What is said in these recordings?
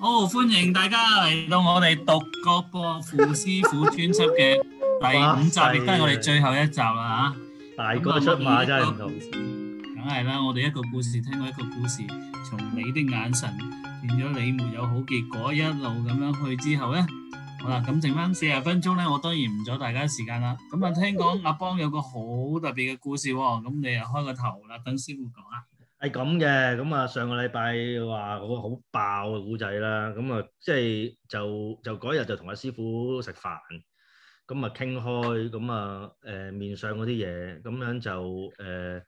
好、哦，歡迎大家嚟到我哋獨角播傅師傅專輯嘅第五集，亦都係我哋最後一集啦。大哥出馬，啊、嗯、真係唔同，梗係啦，我哋一個故事聽過一個故事，從你的眼神變咗你沒有好結果一路咁樣去之後呢。好啦，咁剩返四十分鐘呢，我當然唔阻大家時間啦。咁啊，聽講阿邦有個好特別嘅故事喎，咁你又開個頭啦，等師傅講。係咁嘅，咁啊上個禮拜話個好爆嘅古仔啦，咁啊即係就就嗰日就同阿師傅食飯，咁啊傾開，咁啊誒面上嗰啲嘢，咁樣就誒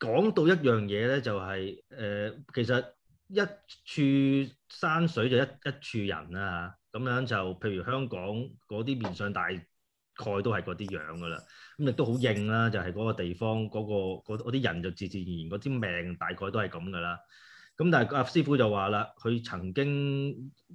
講、呃、到一樣嘢咧，就係、是、誒、呃、其實一處山水就一一處人啦嚇，咁、啊、樣就譬如香港嗰啲面上大。概都係嗰啲樣㗎啦，咁亦都好應啦，就係、係、嗰個地方嗰啲、嗰個、人就自自然然嗰啲命大概都係咁㗎啦。咁但係阿師傅就話啦，佢曾經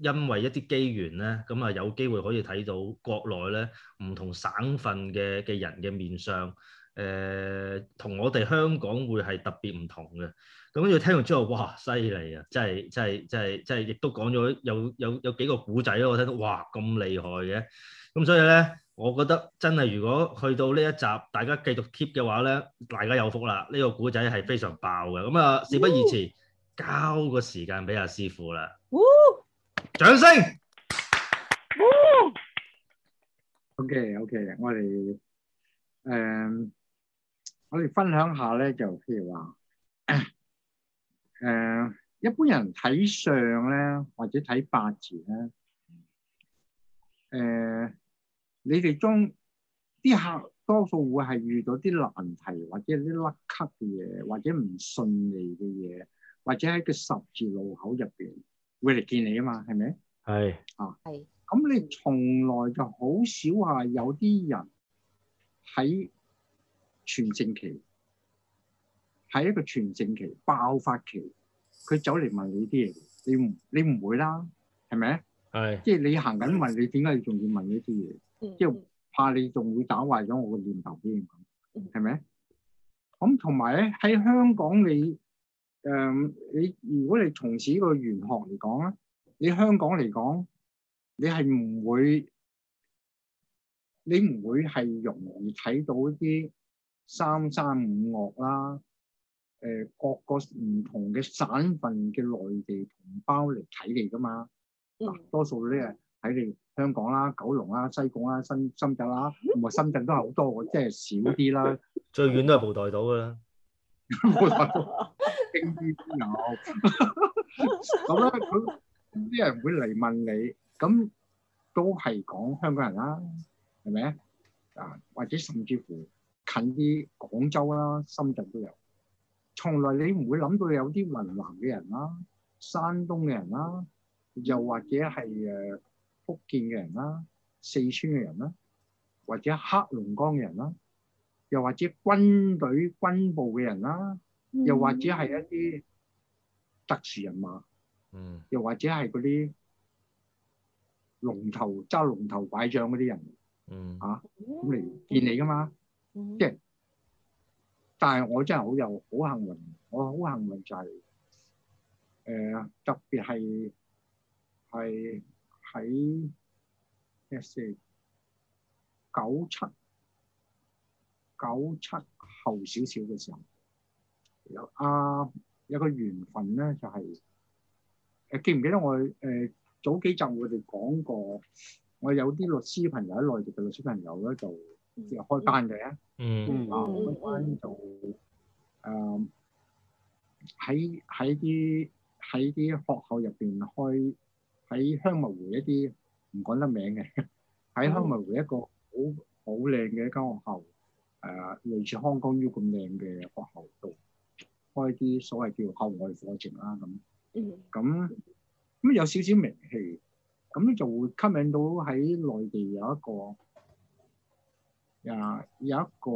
因為一啲機緣咧，咁啊有機會可以睇到國內咧唔同省份嘅嘅人嘅面相，誒、呃、同我哋香港會係特別唔同嘅。咁佢聽完之後，哇！犀利啊，真係真係真係真係，亦都講咗有有有幾個古仔咯，我聽到哇咁厲害嘅，咁所以咧。我覺得真係，如果去到呢一集，大家繼續 keep 嘅話咧，大家有福啦！呢、這個古仔係非常爆嘅。咁啊，事不宜遲，呃、交個時間俾阿、啊、師傅啦。呃、掌聲。OK，OK，我哋誒、呃，我哋分享下咧，就譬如話，誒、呃，一般人睇相咧，或者睇八字咧，誒、呃。你哋中啲客多數會係遇到啲難題，或者啲甩咳嘅嘢，或者唔順利嘅嘢，或者喺個十字路口入邊會嚟見你嘛是是是啊？嘛係咪？係啊，係咁，你從來就好少話有啲人喺全盛期，喺一個全盛期爆發期，佢走嚟問你啲嘢，你唔你唔會啦，係咪？係是即係你行緊問你，你點解仲要問呢啲嘢？即係怕你仲會打壞咗我個念頭先，係咪？咁同埋咧喺香港你誒、嗯、你如果你從此個玄學嚟講咧，你香港嚟講，你係唔會你唔會係容易睇到一啲三山五岳啦、啊，誒、呃、各個唔同嘅省份嘅內地同胞嚟睇你㗎嘛，嗯、多數咧。喺你香港啦、九龍啦、西貢啦、深深圳啦，同埋深圳都係好多，即係少啲啦。最遠都係蒲台島嘅啦，蒲台島輕啲都有。咁咧，咁啲人會嚟問你，咁都係講香港人啦，係咪？啊，或者甚至乎近啲廣州啦、深圳都有。從來你唔會諗到有啲雲南嘅人啦、山東嘅人啦，又或者係誒，福建嘅人啦、啊，四川嘅人啦、啊，或者黑龍江嘅人啦、啊，又或者軍隊軍部嘅人啦、啊，嗯、又或者係一啲特殊人馬，嗯，又或者係嗰啲龍頭揸龍頭拐杖嗰啲人，嗯，啊，咁嚟見你㗎嘛，即係、嗯就是，但係我真係好有好幸運，我好幸運就係、是，誒、呃，特別係係。喺 S 九七九七後少少嘅時候，有啊有個緣分咧，就係、是、誒、啊、記唔記得我誒早、呃、幾集我哋講過，我有啲律師朋友喺內地嘅律師朋友咧，就開班嘅，嗯啊開班就，就誒喺喺啲喺啲學校入邊開。喺香蜜湖一啲唔講得名嘅，喺香蜜湖一個好好靚嘅一間學校，誒、呃、類似康工 U 咁靚嘅學校度開啲所謂叫校外課程啦咁。咁咁有少少名氣，咁就會吸引到喺內地有一個啊有一個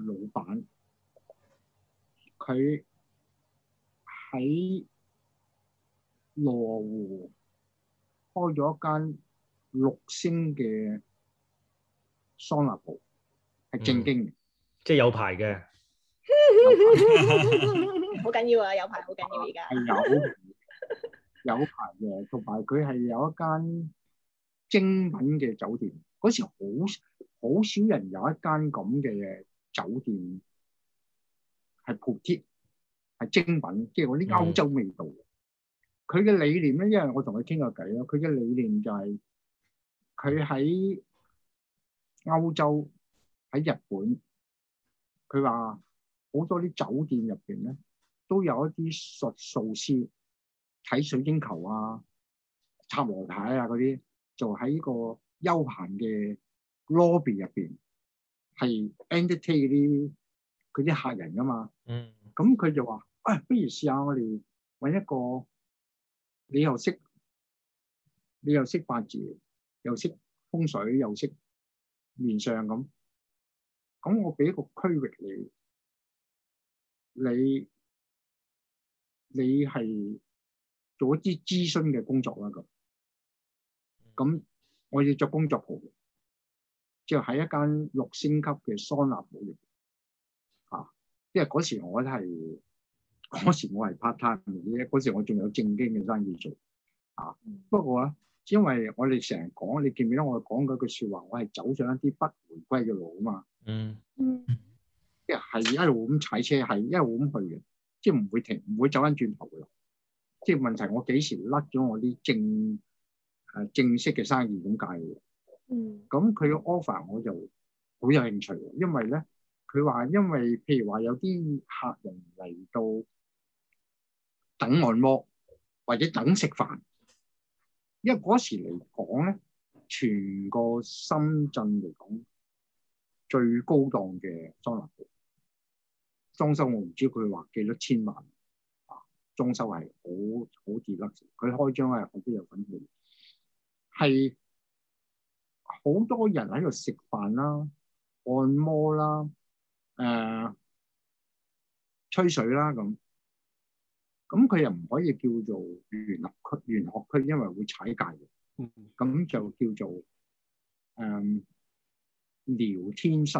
老闆，佢喺羅湖。開咗一間六星嘅桑拿鋪，係正經嘅，即係有牌嘅，好緊要啊！有牌好緊要，而家係有有牌嘅，同埋佢係有一間精品嘅酒店。嗰時好好少人有一間咁嘅酒店係鋪貼，係精品，即係嗰啲歐洲味道。佢嘅理念咧，因為我同佢傾過偈咯。佢嘅理念就係佢喺歐洲、喺日本，佢話好多啲酒店入邊咧，都有一啲術數師睇水晶球啊、插和牌啊嗰啲，就喺個休閒嘅 lobby 入邊，係 entertain 嗰啲啲客人噶嘛。嗯。咁佢就話，啊、哎，不如試下我哋揾一個。你又識，你又識八字，又識風水，又識面相咁，咁我俾一個區域你，你你係做一啲諮詢嘅工作啦，咁，咁我要著工作服，即係喺一間六星級嘅桑拿鋪入，啊，因為嗰時我係。嗰時我係 part time 嘅啫，嗰時我仲有正經嘅生意做啊。不過咧，因為我哋成日講，你記唔記得我講嗰句説話？我係走上一啲不回歸嘅路啊嘛。嗯，即係係一路咁踩車，係一路咁去嘅，即係唔會停，唔會走翻轉頭嘅喇。即係問題我我，我幾時甩咗我啲正誒正式嘅生意咁解嘅？嗯，咁佢嘅 offer 我就好有興趣，因為咧佢話因為譬如話有啲客人嚟到。等按摩或者等食飯，因為嗰時嚟講咧，全個深圳嚟講最高檔嘅裝修鋪，裝修我唔知佢話幾多千萬啊！裝修係好好熱甩，佢開張係好都有份佢，係好多人喺度食飯啦、按摩啦、誒、呃、吹水啦咁。咁佢又唔可以叫做原學區、原學區，因為會踩界嘅。咁就叫做誒、嗯、聊天室。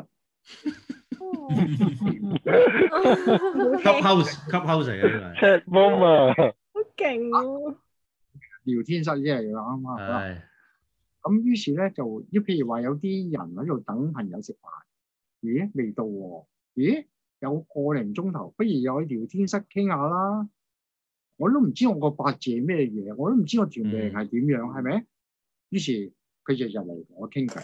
Clubhouse，Clubhouse 啊，Chat moment，好勁啊！聊天室即係㗎啱啱。係的。咁、啊的啊、於是咧，就一譬如話有啲人喺度等朋友食飯。咦？未到喎、啊。咦？有個零鐘頭，不如又去聊天室傾下啦。我都唔知我個八字係咩嘢，我都唔知我條命係點樣，係咪、嗯？於是佢就入嚟同我傾偈。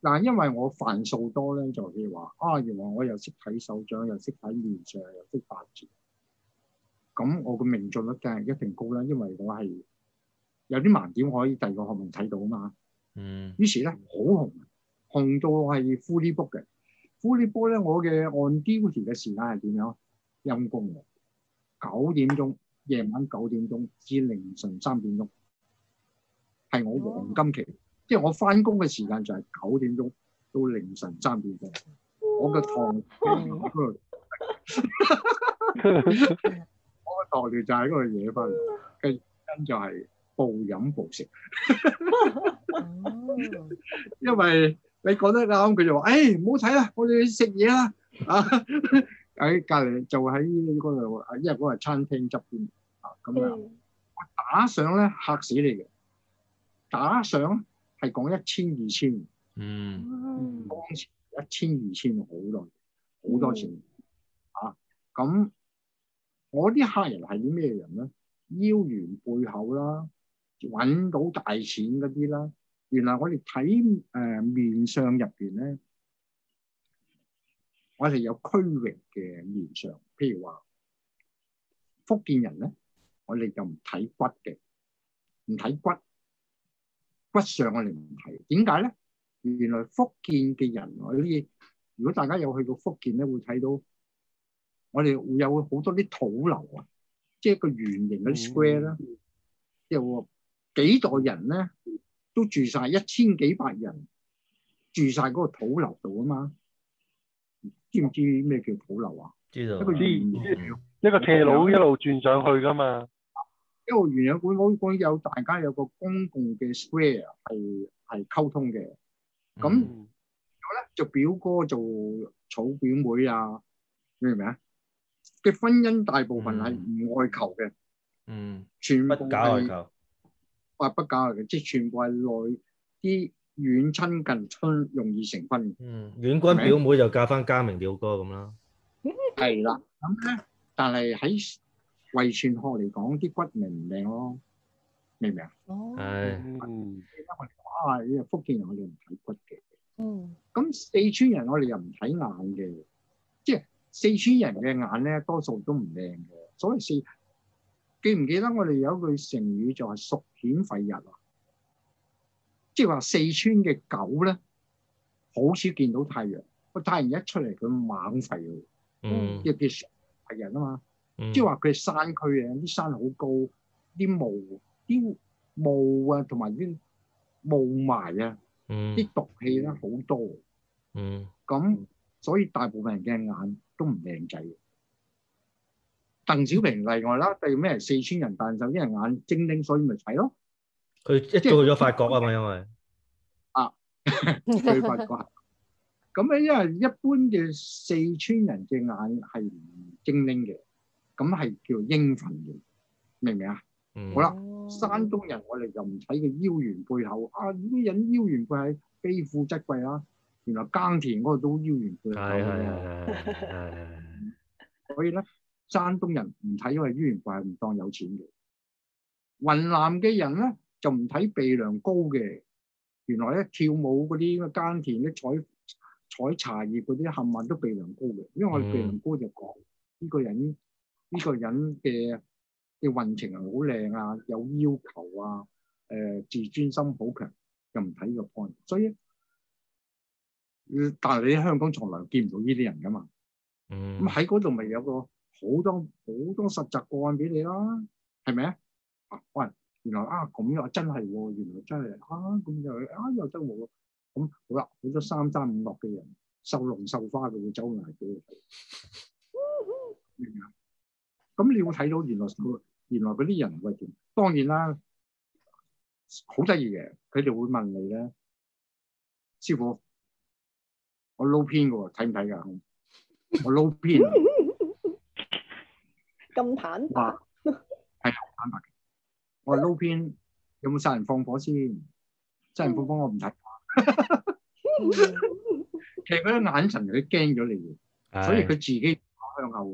嗱，因為我犯數多咧，就譬如話啊，原來我又識睇手掌，又識睇面相，又識八字。咁我個命中率梗係一定高啦，因為我係有啲盲點可以第二個學問睇到嘛。嗯。於是咧好紅，紅到係 full book 嘅。full book 咧，我嘅 on duty 嘅時間係點樣？陰公九點鐘。夜晚九點鐘至凌晨三點鐘係我黃金期，即係我翻工嘅時間就係九點鐘到凌晨三點鐘。我嘅糖， 我嘅糖尿就喺嗰度惹翻嚟，跟住就係暴飲暴食。 因為你講得啱，佢就話：誒唔好睇啦，我哋去食嘢啦啊！ 喺隔離就喺嗰度，啊，因為嗰個餐廳側邊啊，咁樣打賞咧，嚇死你嘅！打賞係講一千二千，嗯，嗯啊、一千二千好多，好多錢嚇。咁、啊啊啊啊、我啲客人係啲咩人咧？腰圓背厚啦，揾到大錢嗰啲啦。原來我哋睇誒面相入邊咧。我哋有區域嘅面上，譬如話福建人咧，我哋就唔睇骨嘅，唔睇骨，骨上我哋唔睇。點解咧？原來福建嘅人，我哋如果大家有去到福建咧，會睇到我哋會有好多啲土樓啊，即係一個圓形嗰啲 square 啦，即係幾代人咧都住晒一千幾百人住晒嗰個土樓度啊嘛～知唔知咩叫保留啊？知道一個圓，一個斜路一路轉上去噶嘛。因為元朗嗰嗰有大家有個公共嘅 square 係係溝通嘅。咁然後咧做表哥做娶表妹啊，你明唔明啊？嘅婚姻大部分係唔外求嘅，嗯，全部係不假外求，不不假外求，即係全部係內啲。遠親近親容易成婚，嗯，遠親表妹就嫁翻家明表哥咁啦，係啦，咁咧，但係喺遺傳學嚟講，啲骨命唔靚咯，明唔明啊？哦，係，嗯，因為、嗯、哇，福建人我哋唔睇骨嘅，嗯，咁四川人我哋又唔睇眼嘅，即係四川人嘅眼咧，多數都唔靚嘅，所謂四，記唔記得我哋有一句成語就係蜀犬吠日啊？即係話四川嘅狗咧，好少見到太陽。個太陽一出嚟，佢猛吠嘅。嗯，叫叫殺人啊嘛。嗯，即係話佢係山區啊，啲山好高，啲霧、啲霧啊，同埋啲霧霾啊，啲毒氣咧好多。嗯，咁所以大部分人嘅眼都唔靚仔。鄧小平例外啦。第二咩？四川人但就因為眼精靈，所以咪睇咯。佢一早去咗法國啊嘛，因為啊去法國，咁樣因為一般嘅四川人隻眼係唔精靈嘅，咁係叫英憤嘅，明唔明啊？嗯，好啦，山東人我哋就唔睇佢腰圓背厚啊，呢啲人腰圓背係非富則貴啊，原來耕田嗰度都腰圓背厚。係係係。所以咧，山東人唔睇因佢腰圓背係唔當有錢嘅。雲南嘅人咧。就唔睇鼻梁高嘅，原來咧跳舞嗰啲耕田、啲採採茶葉嗰啲，冚唪唥都鼻梁高嘅。因為我哋鼻梁高就講呢個人，呢個人嘅嘅運程係好靚啊，有要求啊，誒、呃、自尊心好強，又唔睇呢個 point。所以，但係你喺香港從來見唔到呢啲人噶嘛？嗯，咁喺嗰度咪有個好多好多實習個案俾你啦，係咪啊？喂！原來啊咁、啊啊、又真係喎、啊啊，原來真係啊咁又啊又得喎，咁好啦，好多三山五嶽嘅人，繡龍繡花嘅周圍飛。咁你會睇到原來原來嗰啲人係點？當然啦，好得意嘅，佢哋會問你咧，師傅，我撈片嘅喎，睇唔睇㗎？我撈片，咁 坦白，係、啊、坦白我撈片有冇殺人放火先？殺人放火我唔睇。 其實佢嗰個眼神佢驚咗你的，所以佢自己跑向後，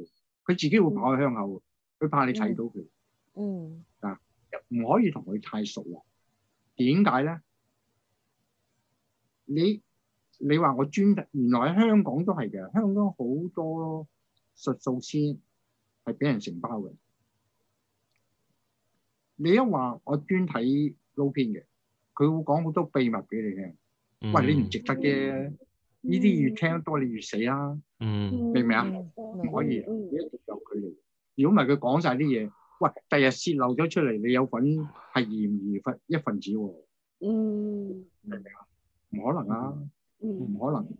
佢自己會跑去向後，佢怕你睇到佢。嗯，啊，又唔可以同佢太熟啊？點解咧？你你話我專，原來喺香港都係嘅，香港好多術數師係俾人承包嘅。你一話我專睇撈片嘅，佢會講好多秘密俾你聽。嗯、喂，你唔值得嘅，呢啲越聽得多，你越死啦。嗯，明唔明啊？唔可以，而家仲有距離。如果唔係佢講晒啲嘢，喂，第日泄漏咗出嚟，你有份係嫌疑一分一份子喎。嗯，明唔明啊？唔、嗯、可能啊，唔可能啊！嗯、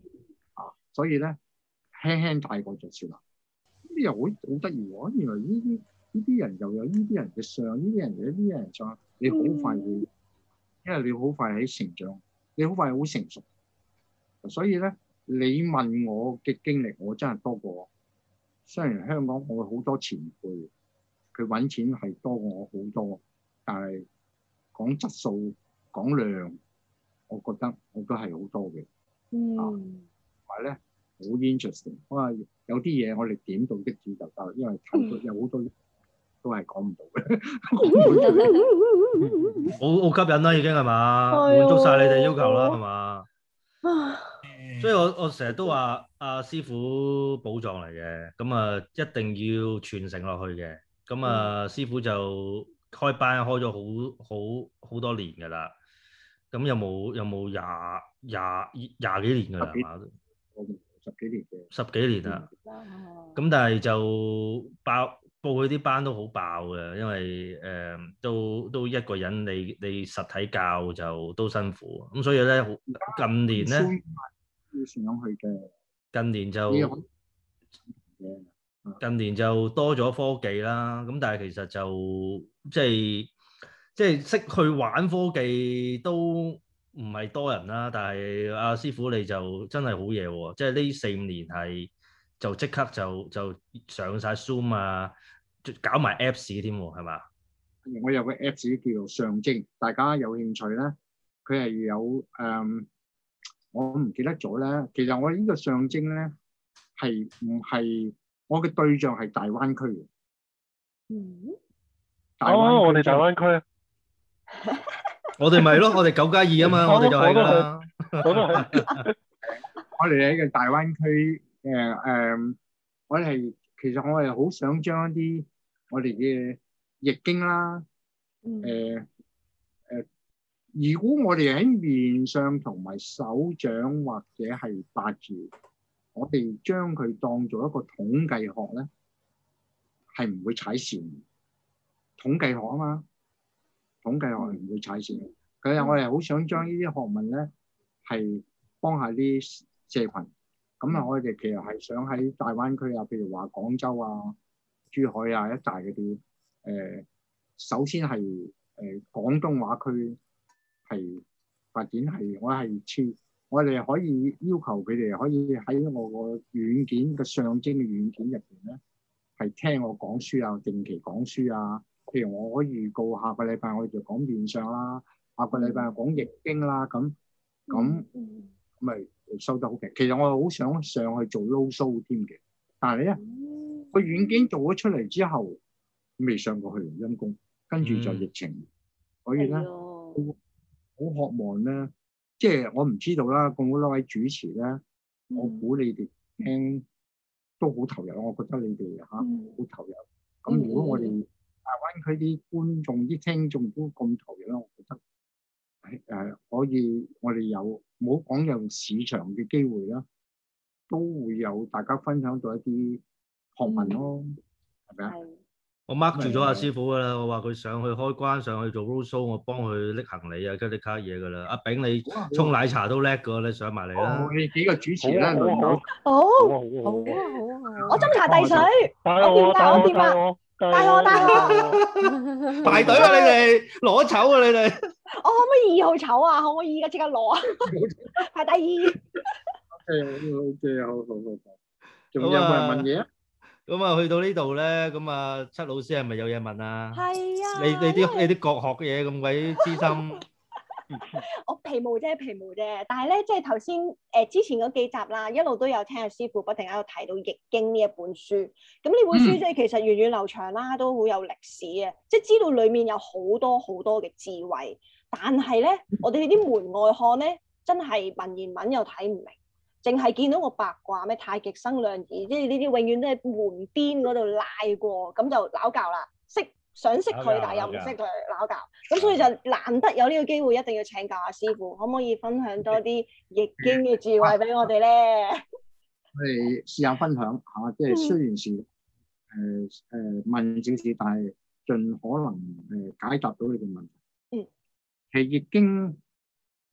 啊所以咧，輕輕帶過就算啦。又好好得意喎，原來呢啲～呢啲人又有呢啲人嘅相，呢啲人又有呢啲人嘅相，你好快會，因為你好快喺成長，你好快好成熟。所以咧，你問我嘅經歷，我真係多過。雖然香港我好多前輩，佢揾錢係多過我好多，但係講質素講量，我覺得我都係好多嘅。嗯，同埋咧好 interesting，我話有啲嘢我哋點到即止就得，因為睇到為有好多。嗯都係講唔到嘅，好好吸引啦，已經係嘛， 滿足晒你哋要求啦，係嘛。 所以我，我我成日都話，阿、啊、師傅寶藏嚟嘅，咁啊，一定要傳承落去嘅。咁啊，師傅就開班開咗好好好多年㗎啦。咁有冇有冇廿廿廿幾年㗎啦？有有十幾年嘅。十幾年啦。咁但係就包。報佢啲班都好爆嘅，因為誒都都一個人，你你實體教就都辛苦，咁所以咧，近年咧，要上去嘅。近年就近年就多咗科技啦，咁但係其實就即係即係識去玩科技都唔係多人啦。但係阿師傅你就真係好嘢喎，即係呢四五年係就即刻就就上曬 Zoom 啊！搞埋 apps 添喎，係嘛？我有個 apps 叫做上徵，大家有興趣咧，佢係有誒，我唔記得咗咧。其實我呢個上徵咧係唔係我嘅對象係大灣區嘅。嗯，啊，我哋大灣區，我哋咪咯，我哋九加二啊嘛，我哋就係噶啦。我哋喺個大灣區，誒誒，我哋。其實我哋好想將一啲我哋嘅易經啦，誒誒、嗯呃呃，如果我哋喺面上同埋手掌或者係八字，我哋將佢當做一個統計學咧，係唔會踩線嘅。統計學啊嘛，統計學係唔會踩線。其實我哋好想將呢啲學問咧，係幫下啲社群。咁啊！我哋其實係想喺大灣區啊，譬如話廣州啊、珠海啊一帶嗰啲誒，首先係誒、呃、廣東話區係發展係，我係超。我哋可以要求佢哋可以喺我個軟件嘅上征嘅軟件入邊咧，係聽我講書啊，定期講書啊。譬如我可以預告下個禮拜我哋就講面相啦，下個禮拜講易經啦，咁咁咪。收得好平，其實我好想上去做 low show 添嘅，但係咧個軟件做咗出嚟之後，未上過去龍津宮，跟住就疫情，mm hmm. 所以咧好、mm hmm. 渴望咧，即係我唔知道啦。咁多位主持咧，mm hmm. 我估你哋聽都好投入，我覺得你哋嚇好投入。咁如果我哋大灣區啲觀眾啲聽眾都咁投入咧，我覺得。誒，可以我哋有冇講，有市場嘅機會啦，都會有大家分享到一啲學問咯，係咪啊？我 mark 住咗阿師傅噶啦，我話佢上去開關，上去做 roadshow，我幫佢拎行李啊，跟住拎卡嘢噶啦。阿炳你沖奶茶都叻噶，你上埋嚟啦。幾個主持啦，好，好啊，好啊，我斟茶遞水，我點教添啊？帶我，帶我，排隊啊！你哋攞籌啊！你哋。我可唔可以二號抽啊？可唔可以而家即刻攞啊？ 排第二。O K，好好好。仲有冇人問嘢啊？咁啊，去到呢度咧，咁啊，七老師係咪有嘢問啊？係啊。你你啲為你啲國學嘅嘢，咁鬼資深。 我皮毛啫，皮毛啫。但係咧，即係頭先誒，之前嗰幾集啦，一路都有聽阿師傅不停喺度提到易經呢一本書。咁呢本書即係其實源遠流長啦，都好有歷史啊，即係知道裏面有好多好多嘅智慧。但係咧，我哋啲門外漢咧，真係文言文又睇唔明，淨係見到個八卦咩太極生兩儀，即係呢啲永遠都係門邊嗰度拉過，咁就撈教啦。想識想識佢，但係又唔識佢撈教，咁所以就難得有呢個機會，一定要請教下、啊、師傅，可唔可以分享多啲易經嘅智慧俾我哋咧？我哋試下分享嚇，即係雖然是誒誒、呃呃、問政少，但係盡可能誒解答到你嘅問題。嗯。易經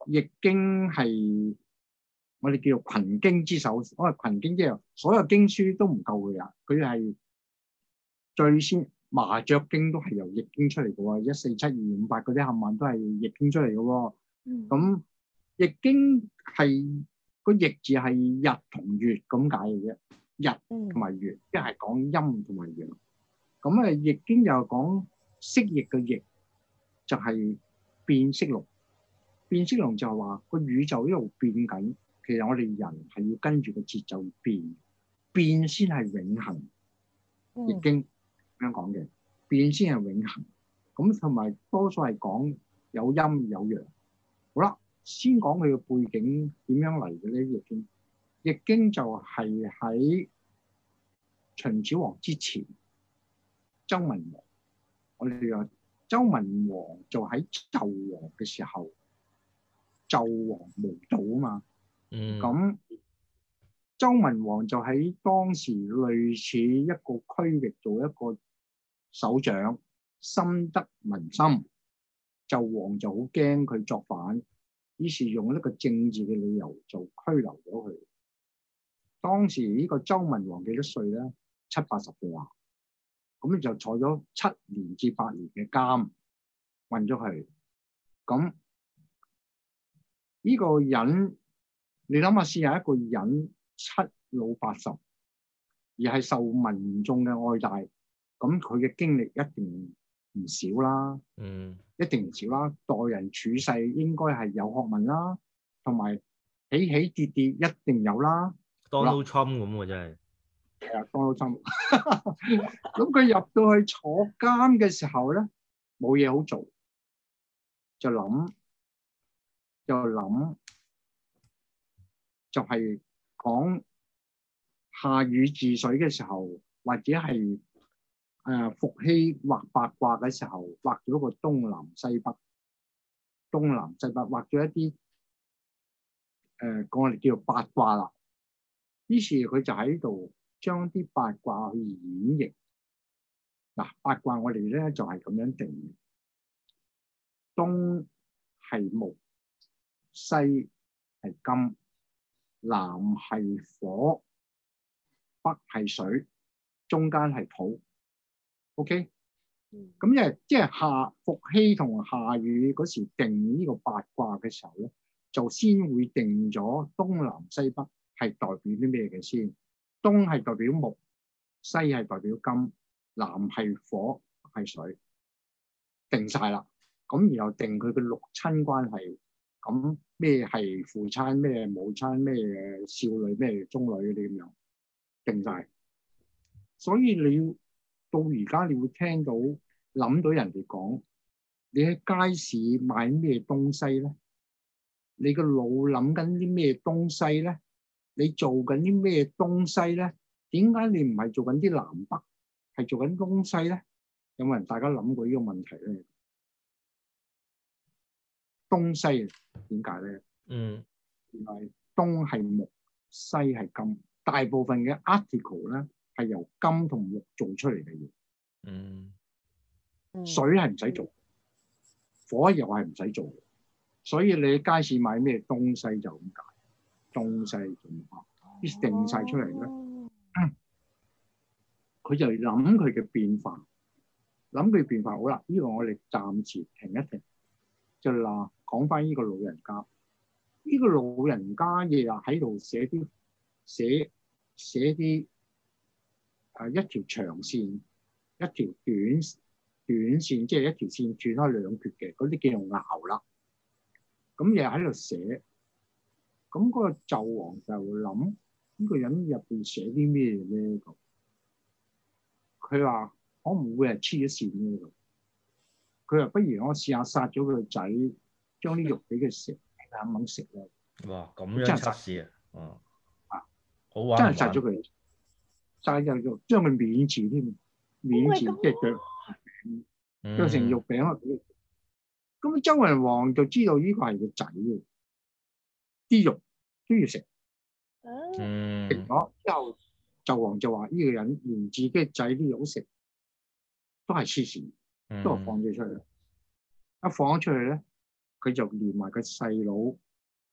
易經係我哋叫做群經之首，因為群經即係所有經書都唔夠嘅。啊！佢係最先麻雀經都係由易經出嚟嘅，一四七二五八嗰啲合萬都係易經出嚟嘅。咁、嗯、易經係個易字係日同月咁解嘅啫，日同埋月，即係講陰同埋陽。咁啊易經又講蜥蜴嘅蜴，就係、是。變色龍，變色龍就係話個宇宙一路變緊，其實我哋人係要跟住個節奏而變，變先係永恆。嗯、易經咁樣講嘅，變先係永恆。咁同埋多數係講有陰有陽。好啦，先講佢嘅背景點樣嚟嘅咧？易經，易經就係喺秦始皇之前，周文王，我哋有。周文王就喺紂王嘅時候，紂王無道啊嘛，咁、嗯、周文王就喺當時類似一個區域做一個首長，深得民心。嗯、紂王就好驚佢作反，於是用一個政治嘅理由就拘留咗佢。當時呢個周文王幾多歲咧？七八十歲啊。咁就坐咗七年至八年嘅監，運咗佢。咁呢個人，你諗下先，係一個人七老八十，而係受民眾嘅愛戴，咁佢嘅經歷一定唔少啦。嗯，一定唔少啦。待人處世應該係有學問啦，同埋起起跌跌一定有啦。Donald Trump 咁真係。其啊，當到心咁，佢入到去坐監嘅時候咧，冇嘢好做，就諗就諗，就係講、就是、夏禹治水嘅時候，或者係誒伏羲畫八卦嘅時候，畫咗一個東南西北，東南西北畫咗一啲誒、呃，講我哋叫做八卦啦。於是佢就喺度。將啲八卦去演繹嗱，八卦我哋咧就係咁樣定，東係木，西係金，南係火，北係水，中間係土。OK，咁因為即係夏伏羲同夏禹嗰時定呢個八卦嘅時候咧，就先會定咗東南西北係代表啲咩嘅先。東係代表木，西係代表金，南係火，係水，定晒啦。咁然後定佢個六親關係，咁咩係父親，咩母親，咩少女，咩中女嗰啲咁樣定晒。所以你要到而家，你會聽到諗到人哋講，你喺街市買咩東西咧？你個腦諗緊啲咩東西咧？你做緊啲咩東西咧？點解你唔係做緊啲南北，係做緊東西咧？有冇人大家諗過呢個問題咧？東西點解咧？嗯，原來東係木，西係金。大部分嘅 article 咧，係由金同木做出嚟嘅嘢。嗯，水係唔使做，火又係唔使做。所以你街市買咩東西就咁解。動勢定晒出嚟咧，佢就諗佢嘅變化，諗佢變化好啦。呢個我哋暫時停一停，就嗱講翻呢個老人家。呢個老人家亦又喺度寫啲寫寫啲，啊，一條長線，一條短短線，即係一條線轉開兩橛嘅嗰啲叫做爻啦。咁又喺度寫。咁嗰個紂王就諗呢、這個人入邊寫啲咩咧？佢話：我唔會係黐咗線嘅。佢話：不如我試下殺咗佢仔，將啲肉俾佢食，眼猛食哇！咁樣測試真殺、嗯、啊！啊！好玩，玩！真係殺咗佢，殺咗佢，將佢免治添，免治、oh、my 即係佢，剁成肉餅我咁、嗯、周文王就知道呢個係佢仔嘅。啲肉都要食，嗯，食咗之後，紂王就話：呢個人連自己仔啲肉食，都係黐線，都係放咗出去。嗯、一放咗出去咧，佢就連埋個細佬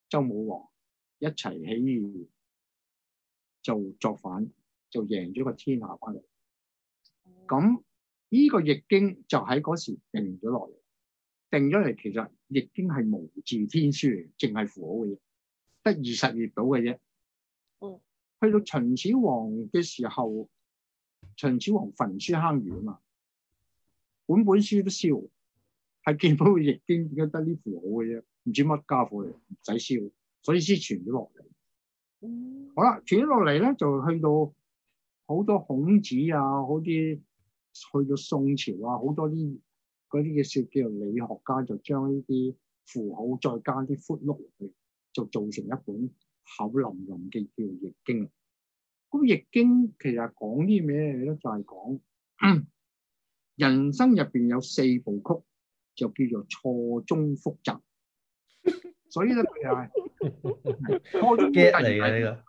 周武王一齊起，起義，就作反，就贏咗個天下翻嚟。咁呢個易經就喺嗰時定咗落嚟，定咗嚟其實易經係無字天書，淨係符號嘅嘢。得二十頁到嘅啫，哦、嗯，去到秦始皇嘅時候，秦始皇焚書坑儒啊嘛，本本書都燒，係見到佢易經而家得呢符號嘅啫，唔知乜家伙嚟，唔使燒，所以先傳咗落嚟。嗯、好啦，傳咗落嚟咧，就去到好多孔子啊，嗰啲去到宋朝啊，好多啲嗰啲叫做理學家就將呢啲符號再加啲闊碌嚟。就造成一本厚淋淋嘅叫《易經》。咁《易經》其實講啲咩咧？就係講人生入邊有四部曲，就叫做錯綜複雜。所以咧，佢係開機嚟㗎。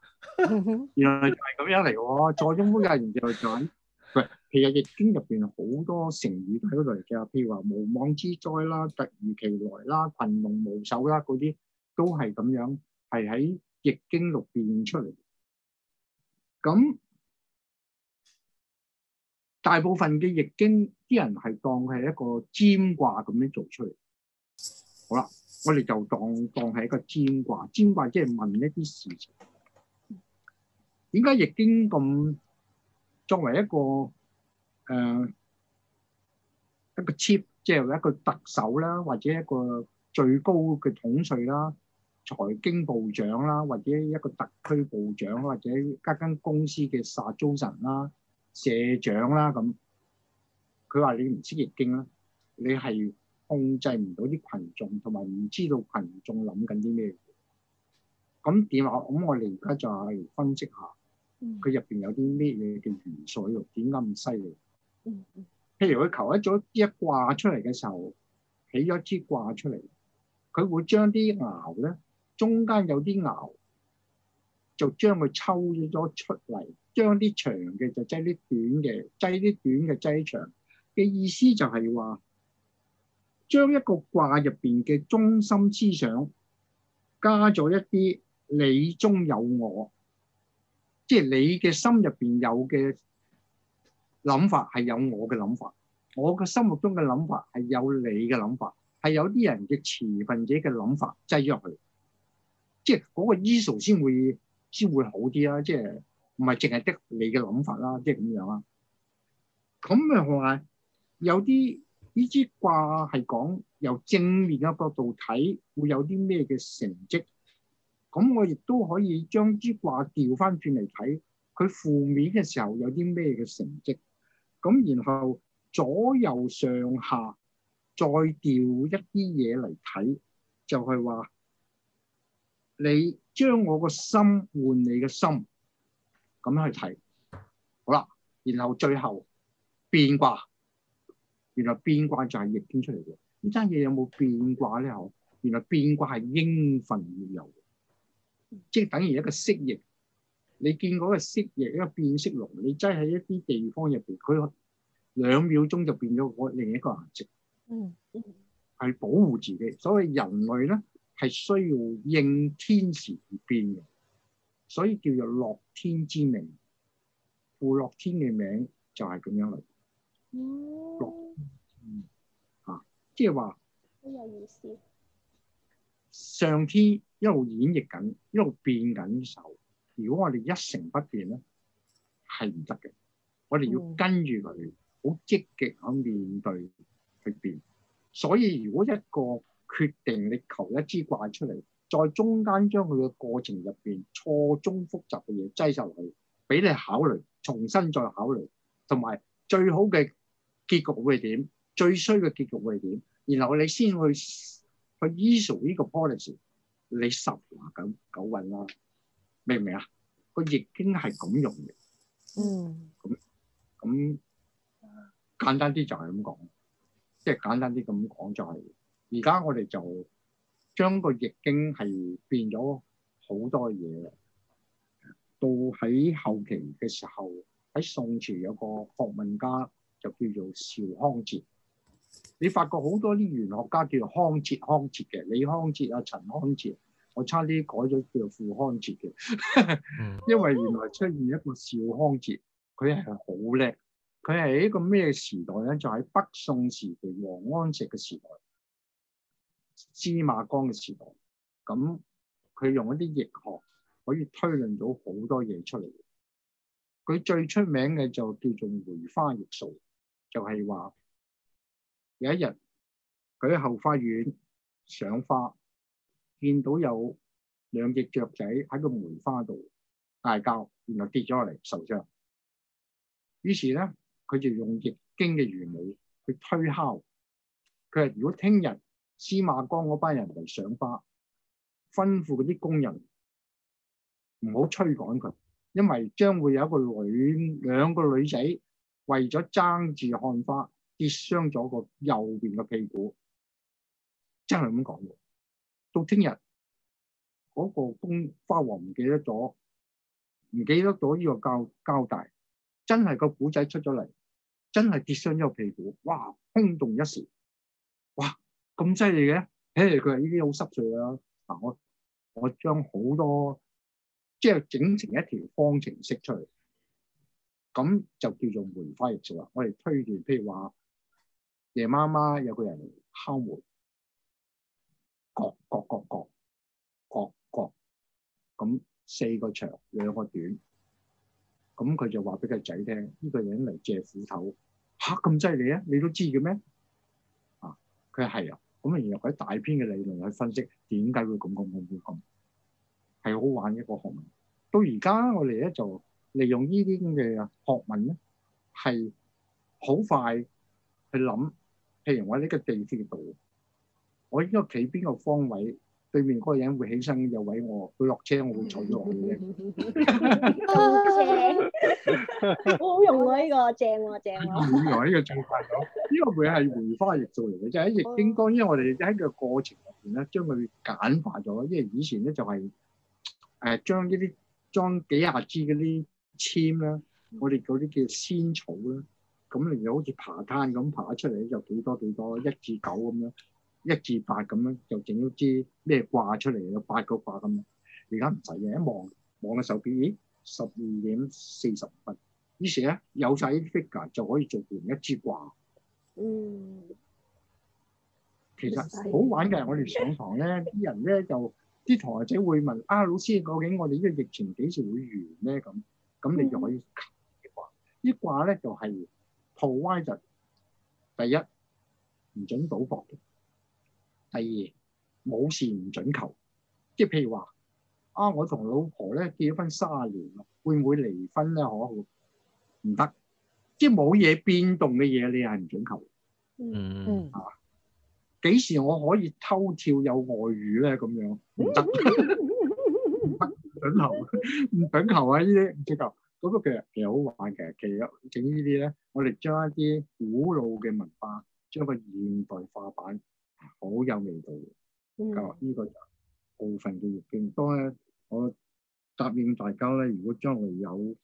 原來係咁樣嚟喎，錯綜複雜完就講喂。其實《易經》入邊好多成語喺嗰度嚟嘅，譬如話無妄之災啦、突如其來啦、羣龍無首啦嗰啲。都係咁樣，係喺《易經》度變出嚟。咁大部分嘅《易經》，啲人係當係一個占卦咁樣做出嚟。好啦，我哋就當當係一個占卦，占卦即係問一啲事情。點解《易經》咁作為一個誒、呃、一個 chief，即係一個特首啦，或者一個最高嘅統帥啦？財經部長啦，或者一個特區部長，或者一間公司嘅殺租人啦、社長啦咁，佢話你唔識易經啦，你係控制唔到啲群眾，同埋唔知道群眾諗緊啲咩。咁點話？咁我哋而家就係分析下佢入邊有啲咩嘢嘅元素喎。點解咁犀利？譬如佢求一咗一卦出嚟嘅時候，起咗支卦出嚟，佢會將啲爻咧。中間有啲爻，就將佢抽咗出嚟，將啲長嘅就擠啲短嘅，擠啲短嘅擠啲長嘅。意思就係話，將一個卦入邊嘅中心思想加咗一啲你中有我，即係你嘅心入邊有嘅諗法係有我嘅諗法，我嘅心目中嘅諗法係有你嘅諗法，係有啲人嘅持份者嘅諗法擠咗入去。即係嗰個 issue 先會先會好啲啦，即係唔係淨係得你嘅諗法啦，即係咁樣啦。咁咪話有啲呢支卦係講由正面嘅角度睇會有啲咩嘅成績，咁我亦都可以將啲卦調翻轉嚟睇，佢負面嘅時候有啲咩嘅成績，咁然後左右上下再調一啲嘢嚟睇，就係話。你將我個心換你嘅心，咁樣去睇，好啦，然後最後變卦，原來變卦就係逆天出嚟嘅。有有呢單嘢有冇變卦咧？嗬，原來變卦係應份要有，即係等於一個蜥蜴。你見嗰個蜥蜴，一個變色龍，你擠喺一啲地方入邊，佢兩秒鐘就變咗另一個顏色。嗯，係保護自己。所謂人類咧。係需要應天時而變嘅，所以叫做樂天之名。傅樂天嘅名就係咁樣嚟、嗯。嗯。樂、啊。嗯、就是。嚇！即係話。好有意思。上天一路演繹緊，一路變緊手。如果我哋一成不變咧，係唔得嘅。我哋要跟住佢，好積極噉面對去變。所以如果一個決定你求一支卦出嚟，在中間將佢嘅過程入邊錯綜複雜嘅嘢擠晒落去，俾你考慮，重新再考慮，同埋最好嘅結局會係點，最衰嘅結局會係點，然後你先去去 e a s 呢個 policy，你十拿九九穩啦、啊，明唔明啊？佢易經係咁用嘅，嗯，咁咁簡單啲就係咁講，即係簡單啲咁講就係、是。而家我哋就將個易經係變咗好多嘢，到喺後期嘅時候，喺宋朝有個學問家就叫做邵康節。你發覺好多啲玄學家叫做康節、康節嘅李康節、阿陳康節。我差啲改咗叫做傅康節嘅， 因為原來出現一個邵康節。佢係好叻，佢係一個咩時代咧？就喺、是、北宋時期王安石嘅時代。芝麻江嘅時代，咁佢用一啲易學可以推論到好多嘢出嚟。佢最出名嘅就叫做梅花易數，就係話有一日佢喺後花園賞花，見到有兩隻雀仔喺個梅花度嗌交，原來跌咗落嚟受傷。於是咧佢就用易經嘅原理去推敲，佢話如果聽日司馬光嗰班人嚟賞花，吩咐嗰啲工人唔好驅趕佢，因為將會有一個女兩個女仔為咗爭住看花，跌傷咗個右邊個屁股，真係咁講嘅。到聽日嗰個工花王唔記得咗，唔記得咗呢個交交代，真係個古仔出咗嚟，真係跌傷咗個屁股，哇！轟動一時，哇！咁犀利嘅，睇嚟佢話呢啲好濕碎啦。嗱，我我將好多即係整成一條方程式出嚟，咁就叫做梅花易數啦。我哋推斷，譬如話夜媽媽有個人敲門，角角角角角角，咁四個長兩個短，咁佢就話俾個仔聽，呢個人嚟借斧頭。吓？咁犀利啊！你都知嘅咩？啊，佢係啊。咁然後喺大篇嘅理論去分析點解會咁、咁、咁、咁，係好玩一個學問。到而家我哋咧就利用呢啲嘅學問咧，係好快去諗。譬如我喺呢個地鐵度，我應該企邊個方位？對面嗰個人會起身又位我，佢落車我會坐咗落去好好用喎、啊、呢、這個正喎、啊、正、啊。原來呢個做法咗、呢、這個嘢係梅花易數嚟嘅，就係喺易經。當然我哋喺個過程入邊咧，將佢簡化咗。因為以前咧就係誒將呢啲裝幾十支嗰啲籤啦，我哋嗰啲叫仙草啦，咁嚟又好似爬攤咁爬出嚟就幾多幾多，多，多，多一至九咁樣。一至八咁樣就整一支咩卦出嚟，有八個卦咁樣。而家唔使嘅，一望望個手機，咦，十二點四十分。於是咧，有曬啲 figure 就可以做完一支卦。嗯，其實好玩嘅，我哋上堂咧，啲人咧就啲同學仔會問啊，老師究竟我哋呢個疫情幾時會完咧？咁咁你就可以求啲卦。啲卦咧就係鋪歪就第一唔準賭博嘅。第二冇事唔準求，即係譬如話啊，我同老婆咧結婚三十年啦，會唔會離婚咧？可唔得？即係冇嘢變動嘅嘢，你係唔準求。嗯嗯、mm，嚇、hmm. 幾、啊、時我可以偷跳有外遇咧？咁樣唔得，唔、mm hmm. 准，準求，唔準求啊！依啲唔準求。咁其實其實好玩，其實其實整呢啲咧，我哋將一啲古老嘅文化，將個現代化版。好有味道嘅，教呢個部分嘅易經當咧，我答應大家咧，如果將來有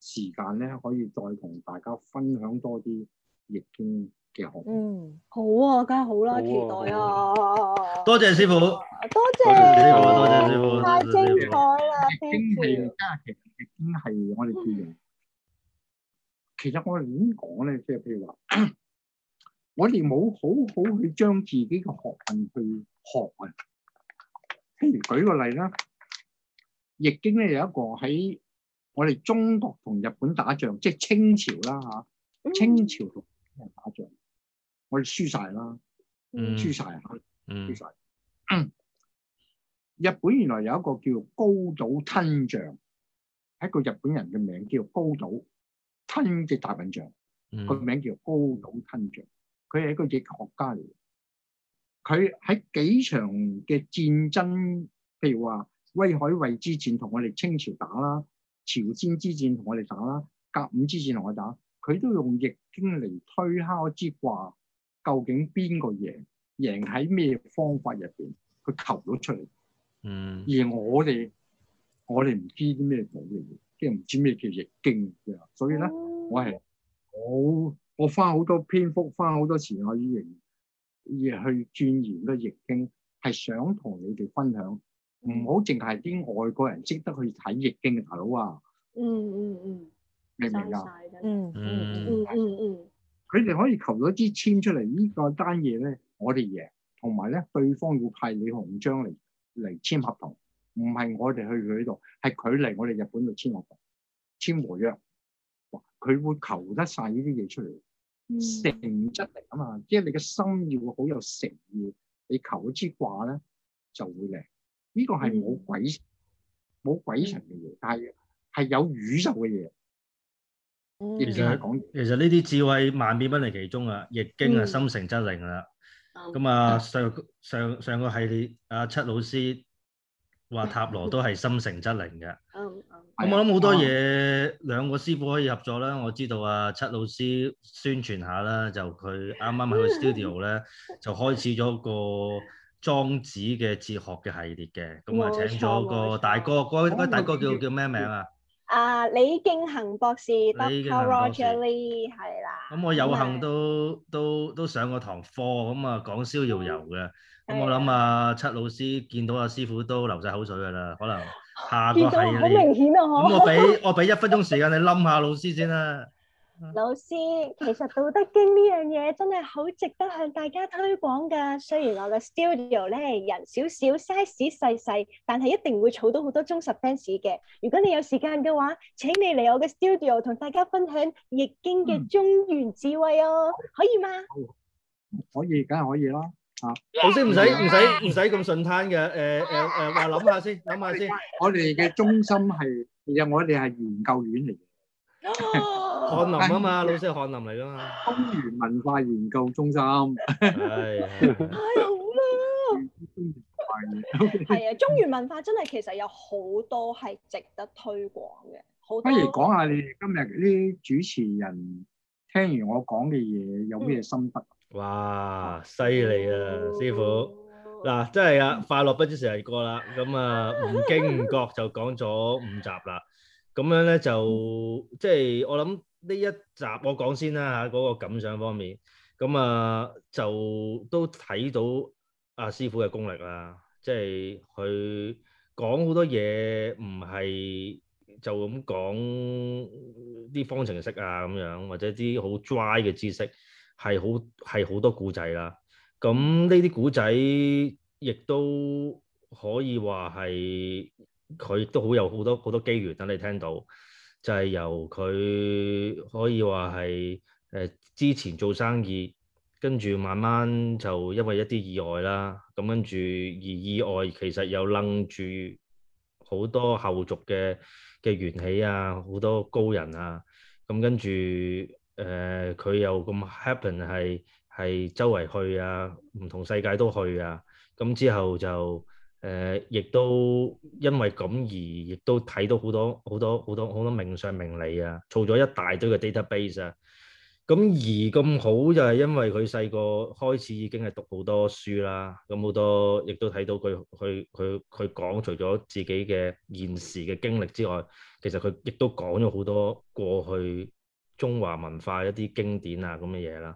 時間咧，可以再同大家分享多啲易經嘅學問。嗯，好啊，梗係好啦，期待啊！多謝師傅，多謝，多謝師傅，太精彩啦！易經，其實易經係我哋做人。其實我點講咧，即係譬如話。我哋冇好好去將自己嘅學問去學啊！譬如舉個例啦，《易經》咧有一個喺我哋中國同日本打仗，即係清朝啦嚇。清朝同日本人打仗，我哋輸晒啦，輸晒。嚇，輸曬、嗯 日本原來有一個叫做「高島吞象」，係一個日本人嘅名，叫「高島吞」嘅大笨象，個名叫「高島吞象」。佢係一個易學家嚟，佢喺幾場嘅戰爭，譬如話威海衛之戰同我哋清朝打啦，朝鮮之戰同我哋打啦，甲午之戰同我打，佢都用易經嚟推敲之啲卦，究竟邊個贏，贏喺咩方法入邊，佢求到出嚟。嗯，而我哋我哋唔知啲咩古嚟嘅，即係唔知咩叫易經嘅，所以咧、嗯、我係好。我花好多篇幅，花好多時間，而而去鑽研《個易經》，係想同你哋分享。唔好淨係啲外國人識得去睇《易經》啊，大佬啊！嗯嗯嗯，明唔明啊？嗯嗯嗯嗯嗯，佢哋可以求咗支簽出嚟、這個、呢個單嘢咧，我哋贏，同埋咧，對方要派李鴻章嚟嚟簽合同，唔係我哋去佢度，係佢嚟我哋日本度簽合同、簽和約，佢會求得晒呢啲嘢出嚟。誠則靈啊嘛，即係你嘅心要好有誠意，你求支卦咧就會靈。呢、這個係冇鬼冇鬼神嘅嘢，但係係有宇宙嘅嘢、嗯。其實其實呢啲智慧萬變不離其中啊，易經係心誠則靈啦。咁啊、嗯，上上上個系列阿七老師。話塔羅都係心誠則靈嘅，咁、um, 我諗好多嘢，兩、嗯、個師傅可以合作啦。我知道阿、啊、七老師宣傳下啦，就佢啱啱喺個 studio 咧，就開始咗個莊子嘅哲學嘅系列嘅，咁啊請咗個大哥，嗰個大哥叫叫咩名啊？啊李敬恒博士，Dr. Roger Lee 係啦、啊。咁我有幸都然都都，都上過堂課，咁啊講逍遙遊嘅。咁、嗯、我諗啊，七老師見到阿、啊、師傅都流晒口水噶啦，可能下個見到好明顯啊！嗯、我俾我俾一分鐘時間 你冧下老師先啦。老師，其實《道德經》呢樣嘢真係好值得向大家推廣噶。雖然我嘅 studio 咧人少少、size 細細，但係一定會儲到好多忠實 fans 嘅。如果你有時間嘅話，請你嚟我嘅 studio 同大家分享《易經》嘅中原智慧哦，嗯、可以嗎？可以，梗係可以囉。啊，老師唔使唔使唔使咁順攤嘅，誒誒誒，話諗下先，諗下先。我哋嘅中心係，其實我哋係研究院嚟嘅。漢林啊嘛，老師係漢林嚟噶嘛。中原文化研究中心。太好啦！係啊，中原文化真係其實有好多係值得推廣嘅，好多。不如講下你今日啲主持人聽完我講嘅嘢，有咩心得？哇，犀利啊，哦、師傅！嗱，真係啊， 快樂不知時日過啦，咁、嗯、啊，唔經唔覺就講咗五集啦。咁樣咧就，即係我諗呢一集我先講先啦吓，嗰、那個感想方面，咁、嗯、啊就都睇到阿、啊、師傅嘅功力啦，即係佢講好多嘢唔係就咁講啲方程式啊咁樣，或者啲好 dry 嘅知識。係好係好多古仔啦，咁呢啲古仔亦都可以話係佢都好有好多好多機緣等、啊、你聽到，就係、是、由佢可以話係誒之前做生意，跟住慢慢就因為一啲意外啦，咁跟住而意外其實又楞住好多後續嘅嘅緣起啊，好多高人啊，咁跟住。誒佢、呃、又咁 happen 係係周圍去啊，唔同世界都去啊，咁之後就誒，亦、呃、都因為咁而亦都睇到好多好多好多好多命相命理啊，做咗一大堆嘅 database 啊，咁而咁好就係因為佢細個開始已經係讀好多書啦，咁好多亦都睇到佢佢佢佢講除咗自己嘅現時嘅經歷之外，其實佢亦都講咗好多過去。中華文化一啲經典啊咁嘅嘢啦，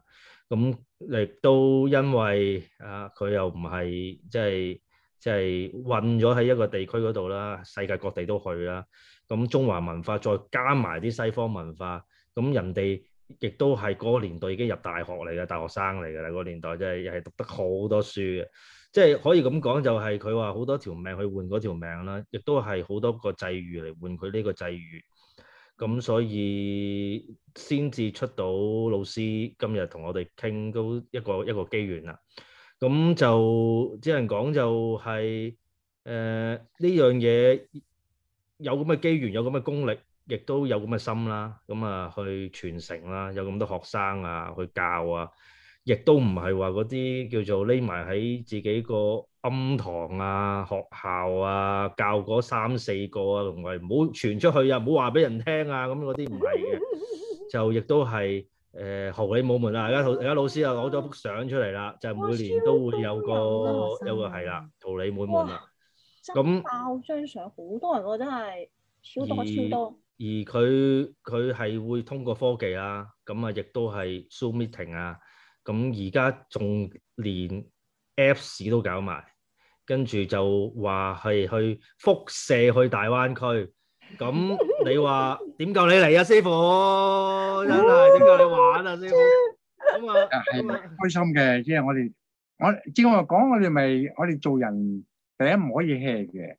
咁亦都因為啊佢又唔係即係即係混咗喺一個地區嗰度啦，世界各地都去啦。咁中華文化再加埋啲西方文化，咁人哋亦都係個年代已經入大學嚟嘅，大學生嚟㗎啦。嗰個年代就係又係讀得好多書嘅，即係可以咁講就係佢話好多條命去換嗰條命啦，亦都係好多個際遇嚟換佢呢個際遇。咁所以先至出到老師，今日同我哋傾都一個一個機緣啦。咁就即係講就係誒呢樣嘢有咁嘅機緣，有咁嘅功力，亦都有咁嘅心啦。咁啊去傳承啦，有咁多學生啊去教啊，亦都唔係話嗰啲叫做匿埋喺自己個庵堂啊，學校啊，教嗰三四個啊，同埋唔好傳出去啊，唔好話俾人聽啊，咁嗰啲唔係嘅，就亦都係誒桃李滿門啦。而家而家老師又攞咗幅相出嚟啦，就每年都會有個有個係啦，桃李滿門啦。咁爆張相，好多人喎，真係超多超多。而佢佢係會通過科技啦，咁啊，亦都係 Zoom meeting 啊，咁而家仲連 Apps 都搞埋。跟住就話係去輻射去大灣區，咁你話點夠你嚟啊，師傅！真係點夠你玩啊，師傅！咁啊，係開心嘅，即係我哋，我即係我講，我哋咪，我哋做人第一唔可以 hea 嘅，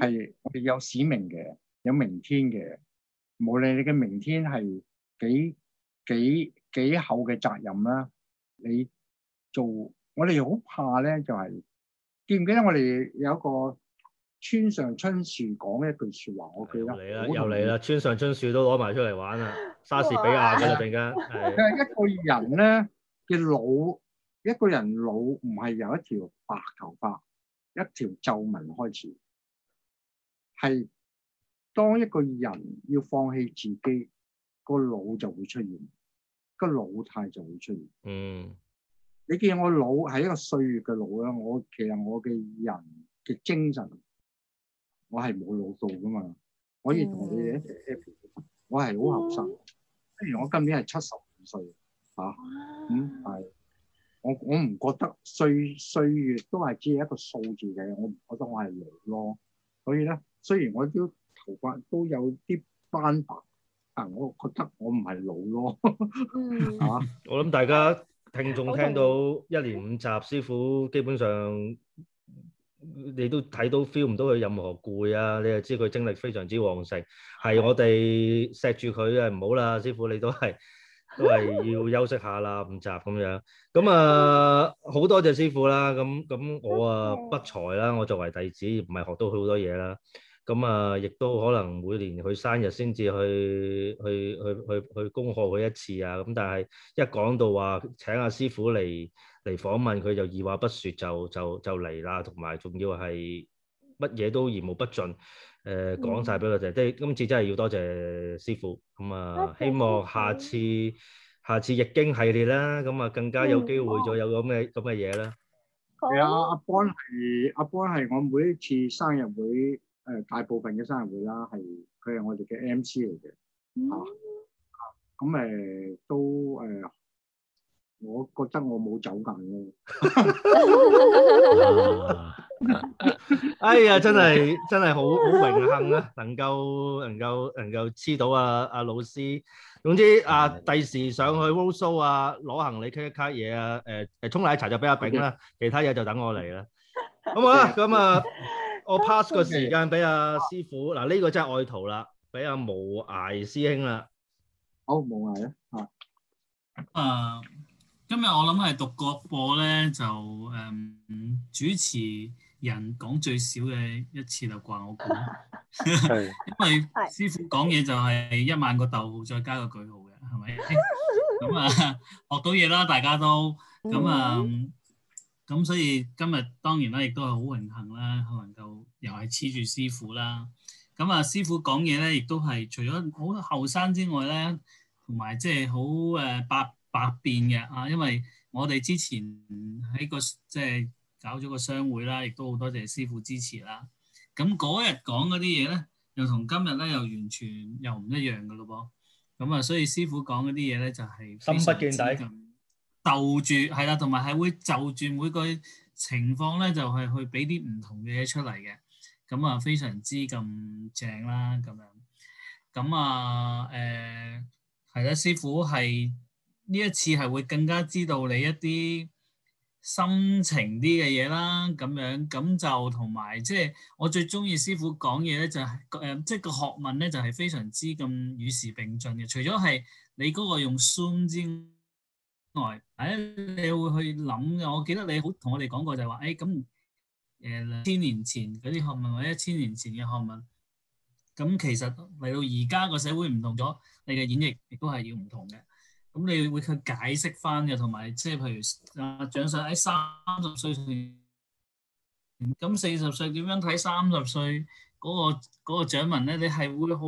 係我哋有使命嘅，有明天嘅。無論你嘅明天係幾幾幾厚嘅責任啦，你做我哋好怕咧，就係。記唔記得我哋有一個村上春樹講一句説話？我記得。嚟啦，又嚟啦，村上春樹都攞埋出嚟玩啦，莎士比亞嚟緊。佢係哇 是一個人咧嘅腦，一個人腦唔係由一條白頭髮、一條皺紋開始，係當一個人要放棄自己，個腦就會出現，個老態就會出現。嗯。你見我老係一個歲月嘅老啦，我其實我嘅人嘅精神，我係冇老到噶嘛。可以同你一齊 happy，我係好後生。譬如我今年係七十五歲，嚇、啊，嗯係，我我唔覺得歲歲月都係只係一個數字嘅，我唔覺得我係老咯。所以咧，雖然我都頭髮都有啲斑白，但我覺得我唔係老咯。嚇、啊，嗯、 我諗大家。聽眾聽到一連五集，師傅基本上你都睇到 feel 唔到佢任何攰啊！你又知佢精力非常之旺盛，係我哋錫住佢啊。唔好啦，師傅你都係都係要休息下啦，五 集咁樣。咁啊，好多謝師傅啦。咁咁我啊不才啦，我作為弟子唔係學到好多嘢啦。咁啊，亦都可能每年佢生日先至去去去去去，去恭賀佢一次啊。咁但係一講到話，請阿師傅嚟嚟訪問，佢就二話不說就就就嚟啦。同埋仲要係乜嘢都言無不盡，誒、呃、講曬俾我哋。嗯、即係今次真係要多謝師傅。咁啊，希望下次下次易經系列啦，咁啊更加有機會再有咁嘅咁嘅嘢啦。係啊，阿邦係阿邦係我每一次生日會。誒大部分嘅生日會啦，係佢係我哋嘅 MC 嚟嘅嚇，咁誒都誒，我覺得我冇走近，哎呀，真係真係好好榮幸啊！能夠能夠能夠黐到阿、啊、阿老師，總之啊，第時的上去 Warsaw 攞行李 check-in 嘢啊，誒、啊、誒沖奶茶就俾阿炳啦、啊，的其他嘢就等我嚟啦。好好的、嗯嗯、啊？咁啊～我 pass 個時間俾阿師傅，嗱呢、啊、個真係愛徒啦，俾阿無涯師兄啦。好、哦，無涯咧。啊，uh, 今日我諗係獨角播咧，就誒、嗯、主持人講最少嘅一次就掛我管， 因為師傅講嘢就係一萬個逗號再加個句號嘅，係咪？咁啊，學到嘢啦，大家都，咁啊。Mm hmm. 咁所以今日當然啦，亦都係好榮幸啦，可能夠又係黐住師傅啦。咁啊，師傅講嘢咧，亦都係除咗好後生之外咧，同埋即係好誒百百變嘅啊。因為我哋之前喺個即係、就是、搞咗個商會啦，亦都好多謝師傅支持啦。咁嗰日講嗰啲嘢咧，又同今日咧又完全又唔一樣嘅咯噃。咁啊，所以師傅講嗰啲嘢咧，就係、是、深不見底。就住係啦，同埋係會就住每個情況咧，就係去俾啲唔同嘅嘢出嚟嘅。咁啊，非常之咁正啦，咁樣。咁啊，誒係啦，師傅係呢一次係會更加知道你一啲心情啲嘅嘢啦，咁樣。咁就同埋即係我最中意師傅講嘢咧，就係誒，即係個學問咧，就係非常之咁與時並進嘅。除咗係你嗰個用 Zoom 之。誒，你會去諗嘅。我記得你好同我哋講過，就係、是、話，誒、哎、咁，誒兩千年前嗰啲學問，或者一千年前嘅學問，咁其實嚟到而家個社會唔同咗，你嘅演繹亦都係要唔同嘅。咁你會去解釋翻嘅，同埋即係譬如啊，掌上喺三十歲，咁四十歲點樣睇三十歲嗰、那個嗰掌、那個、文咧？你係會好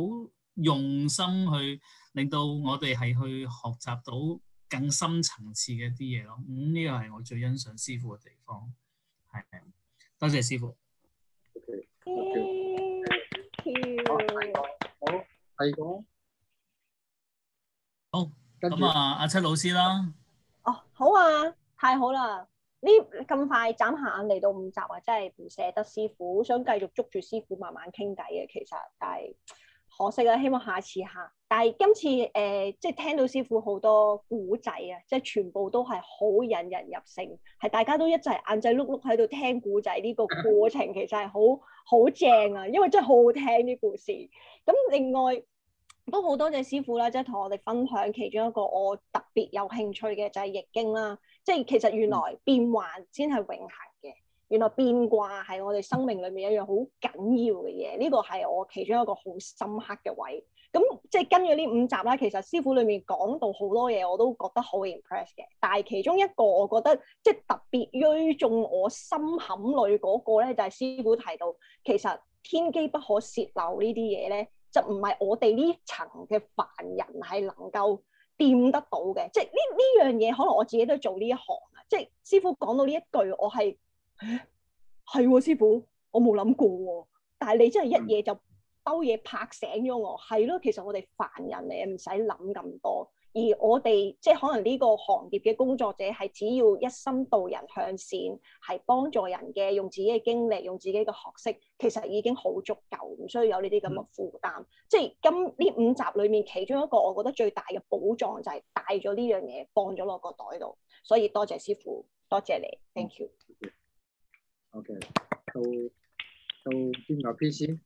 用心去令到我哋係去學習到。更深層次嘅一啲嘢咯，咁呢個係我最欣賞師傅嘅地方，係，多謝師傅。好，係咁，好。咁啊，阿七老師啦，哦，好啊，太好啦，呢咁快眨下眼嚟到五集啊，真係唔捨得師傅，想繼續捉住師傅慢慢傾偈嘅其實，但係可惜啦，希望下次哈。但係今次誒、呃，即係聽到師傅好多古仔啊，即係全部都係好引人入勝，係大家都一齊眼仔碌碌喺度聽古仔呢個過程，其實係好好正啊！因為真係好好聽啲故事。咁另外都好多謝師傅啦，即係同我哋分享其中一個我特別有興趣嘅就係、是、易經啦。即係其實原來變幻先係永恆嘅，原來變卦係我哋生命裏面一樣好緊要嘅嘢。呢個係我其中一個好深刻嘅位。咁即係跟住呢五集啦，其實師傅裡面講到好多嘢，我都覺得好 impress 嘅。但係其中一個我覺得即係特別正中我心坎裡嗰個咧，就係、是、師傅提到其實天機不可洩露呢啲嘢咧，就唔係我哋呢一層嘅凡人係能夠掂得到嘅。即係呢呢樣嘢，可能我自己都做呢一行啊。即係師傅講到呢一句，我係係、哦、師傅，我冇諗過喎、哦。但係你真係一夜就～、嗯兜嘢拍醒咗我，係咯，其實我哋凡人嚟，唔使諗咁多。而我哋即係可能呢個行業嘅工作者，係只要一心導人向善，係幫助人嘅，用自己嘅經歷，用自己嘅學識，其實已經好足夠，唔需要有呢啲咁嘅負擔。嗯、即係今呢五集裡面，其中一個我覺得最大嘅寶藏就係帶咗呢樣嘢放咗落個袋度，所以多謝師傅，多謝你，thank you。OK，到到邊個 PC？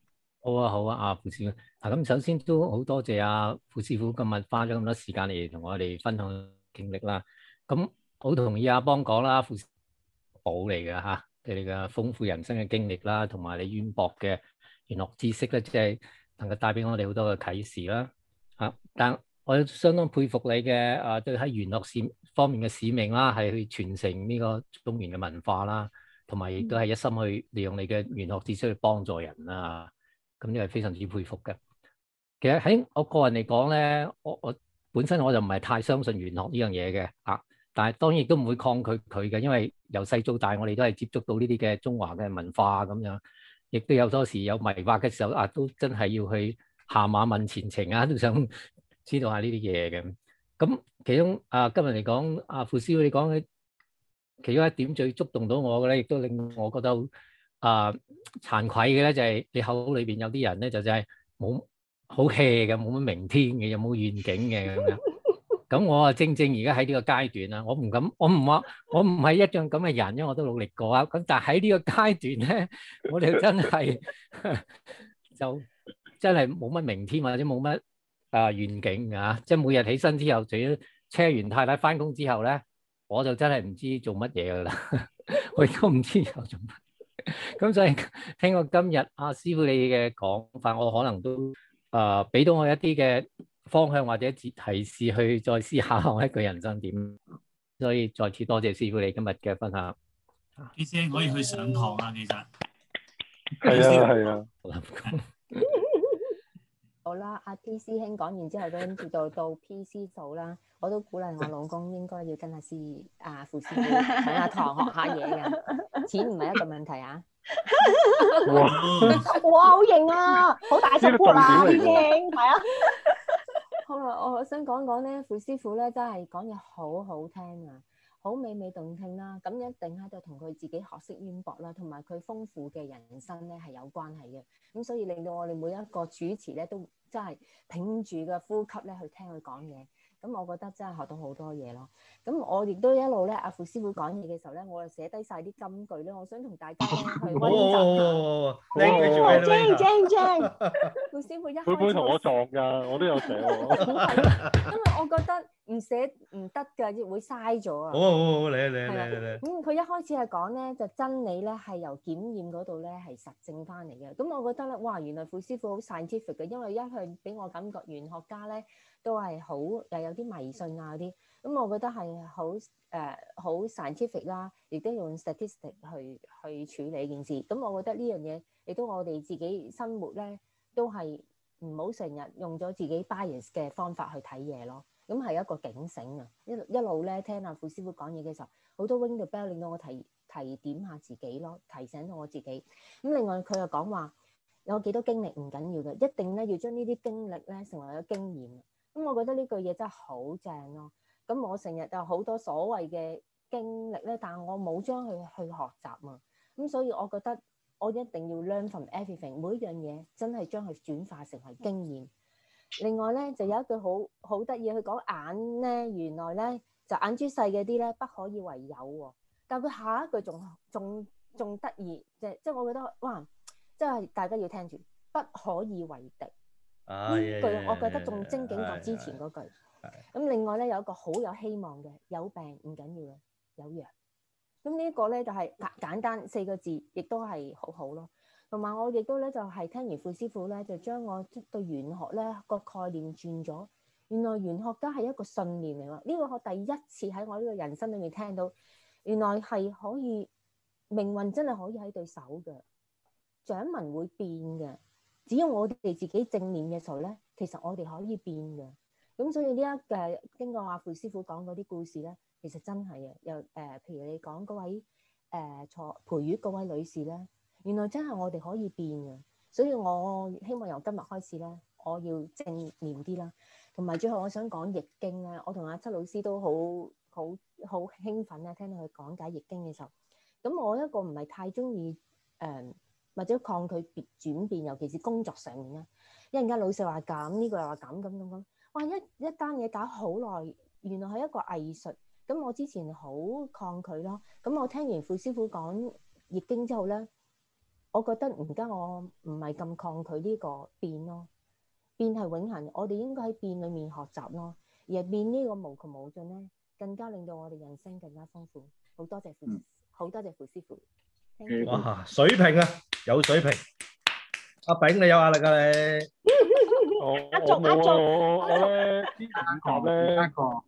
好啊，好啊，阿傅師傅啊，咁首先都好多謝阿傅、啊、師傅今日花咗咁多時間嚟同我哋分享經歷啦。咁好同意阿邦講啦，持人 師傅寶嚟嘅吓，你哋，啊，嘅豐富人生嘅經歷啦，同埋你淵博嘅玄學知識咧，即係能夠帶俾我哋好多嘅啟示啦。吓，啊，但我相當佩服你嘅誒，對喺玄學事方面嘅使命啦，係去傳承呢個中原嘅文化啦，啊，同埋亦都係一心去利用你嘅玄學知識去幫助人啦。咁呢個非常之佩服嘅。其實喺我個人嚟講咧，我我本身我就唔係太相信玄學呢樣嘢嘅啊。但係當然亦都唔會抗拒佢嘅，因為由細到大，我哋都係接觸到呢啲嘅中華嘅文化咁樣，亦都有多時有迷惑嘅時候啊，都真係要去下馬問前程啊，都想知道下呢啲嘢嘅。咁其中啊，今日嚟講啊，阿傅師傅你講嘅其中一點最觸動到我嘅咧，亦都令我覺得。啊，慚愧嘅咧就係你口裏邊有啲人咧就就係冇好氣嘅，冇乜明天嘅，又冇願景嘅咁樣。咁我啊正正而家喺呢個階段啦，我唔敢，我唔話，我唔係一張一樣咁嘅人，因為我都努力過啊。咁但喺呢個階段咧，我哋真係就真係冇乜明天或者冇乜啊，願景啊，即係每日起身之後，除咗車完太太翻工之後咧，我就真係唔知做乜嘢噶啦，我亦都唔知又做乜。咁所以聽我今日阿、啊、師傅你嘅講法，我可能都誒俾、呃、到我一啲嘅方向或者提示，去再思考下我一個人生點，所以再次多謝師傅你今日嘅分享。先生可以去上堂啊，其實係啊係啊。 好啦，阿 P 師兄講完之後，跟住就到 P 師祖啦。我都鼓勵我老公應該要跟阿師阿傅師傅上阿堂學下嘢嘅，錢唔係一個問題啊！哇，哇好型啊，好是大隻啊！P 師係啊。啊 好啦，我想講講咧，傅師傅咧真係講嘢好好聽啊！好美美動聽啦，咁一定喺度同佢自己學識淵博啦，同埋佢豐富嘅人生咧係有關係嘅，咁所以令到我哋每一個主持咧都真係挺住個呼吸咧去聽佢講嘢。咁我覺得真係學到好多嘢咯。咁我亦都一路咧，阿傅師傅講嘢嘅時候咧，我係寫低晒啲金句咧。我想同大家去温習下。你係做咩傅師傅一佢會唔會同我撞㗎？我都有寫喎。因為我覺得唔寫唔得㗎，會嘥咗啊。好好好，你你嚟嚟嚟。佢一開始係講咧，就真理咧係由檢驗嗰度咧係實證翻嚟嘅。咁我覺得咧，哇，原來傅師傅好 scientific 嘅，因為一向俾我感覺玄學家咧。都係好又有啲迷信啊嗰啲，咁我覺得係好誒好 scientific 啦，亦、uh，都用 statistic 去去處理件事。咁我覺得呢樣嘢亦都我哋自己生活咧，都係唔好成日用咗自己 bias 嘅方法去睇嘢咯。咁係一個警醒啊！一一路咧聽阿傅師傅講嘢嘅時候，好多 window bell 令到我提提點下自己咯，提醒到我自己。咁另外佢又講話有幾多經歷唔緊要嘅，一定咧要將呢啲經歷咧成為咗經驗。咁我覺得呢句嘢真係好正咯。咁我成日有好多所謂嘅經歷咧，但我冇將佢去學習啊。咁所以我覺得我一定要 learn from everything，每一樣嘢真係將佢轉化成為經驗。嗯、另外咧就有一句好好得意，佢講眼咧，原來咧就眼珠細嘅啲咧不可以為友喎。但佢下一句仲仲仲得意，即即係我覺得哇，即係大家要聽住，不可以為敵。呢、啊、句我覺得仲精警過之前嗰句。咁另外咧有一個好有希望嘅，有病唔緊要嘅，有藥。咁呢個咧就係、是、簡單四個字，亦都係好好咯。同埋我亦都咧就係、是、聽完傅師傅咧，就將我對玄學咧個概念轉咗。原來玄學都係一個信念嚟喎，呢個我第一次喺我呢個人生裏面聽到，原來係可以命運真係可以喺對手嘅掌紋會變嘅。只要我哋自己正念嘅時候咧，其實我哋可以變嘅。咁、嗯、所以呢一誒經過阿傅師傅講嗰啲故事咧，其實真係啊，又、呃、誒，譬如你講嗰位誒、呃、坐陪月嗰位女士咧，原來真係我哋可以變嘅。所以我希望由今日開始咧，我要正念啲啦。同埋最後，我想講《易經》咧，我同阿七老師都好好好興奮啊！聽到佢講解《易經》嘅時候，咁、嗯、我一個唔係太中意誒，嗯或者抗拒變轉變，尤其是工作上面咧，一陣間老細話咁，呢、這個又話咁咁咁咁。哇！一一單嘢搞好耐，原來係一個藝術。咁我之前好抗拒咯。咁我聽完傅師傅講《易經》之後咧，我覺得而家我唔係咁抗拒呢個變咯。變係永恆，我哋應該喺變裏面學習咯。而係變呢個無窮無盡咧，更加令到我哋人生更加豐富。好多謝傅，好、嗯、多謝傅師傅。哇、嗯！Thank you. 水平啊！有水平，阿、啊、炳你有壓力啊你，我、啊，我、啊，我， 祝咧、啊，啲人講咩？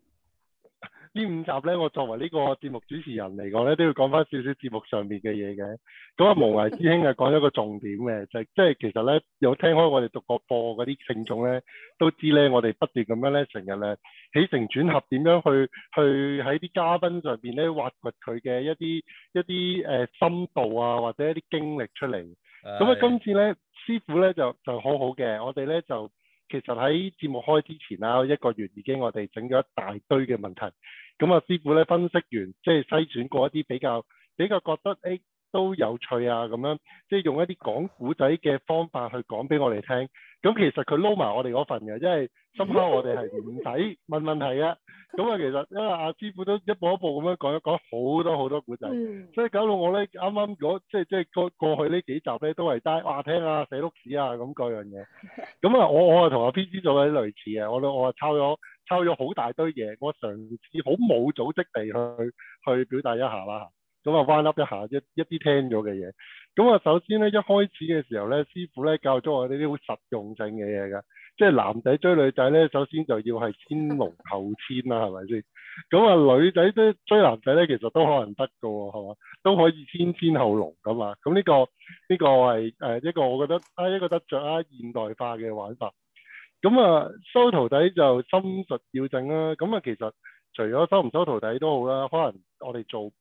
呢五集咧，我作為呢個節目主持人嚟講咧，都要講翻少少節目上面嘅嘢嘅。咁啊，無為師兄啊，講咗個重點嘅， 就係、即係其實咧，有聽開我哋獨角播嗰啲聽眾咧，都知咧，我哋不斷咁樣咧，呢成日咧起承轉合，點樣去去喺啲嘉賓上邊咧挖掘佢嘅一啲一啲誒、呃、深度啊，或者一啲經歷出嚟。咁啊， 今次咧師傅咧就就好好嘅，我哋咧就。就其實喺節目開之前啦，一個月已經我哋整咗一大堆嘅問題。咁啊，師傅咧分析完，即係篩選過一啲比較比較覺得誒。欸都有趣啊，咁樣即係用一啲講古仔嘅方法去講俾我哋聽。咁其實佢撈埋我哋嗰份嘅，因為深刻我哋係唔使問問題啊。咁啊，其實因為阿師傅都一步一步咁樣講，講好多好多古仔，嗯、所以搞到我咧啱啱嗰即係即係過去呢幾集咧都係齋話聽啊寫碌屎啊咁嗰樣嘢。咁啊，樣樣我我啊同阿 P C 做嘅啲類似嘅，我我啊抄咗抄咗好大堆嘢，我嘗試好冇組織地去去，去表達一下啦。咁啊，wrap up 一下，一一啲聽咗嘅嘢。咁啊，首先咧，一開始嘅時候咧，師傅咧教咗我哋啲好實用性嘅嘢㗎。即係男仔追女仔咧，首先就要係先濃後纖啦，係咪先？咁啊，女仔都追男仔咧，其實都可能得㗎，係嘛？都可以先纖後濃㗎嘛。咁呢個，呢個係誒一個我覺得啊一個得着啊，得啊現代化嘅玩法。咁啊，收徒弟就心術要正啦。咁啊，其實除咗收唔收徒弟都好啦，可能我哋做，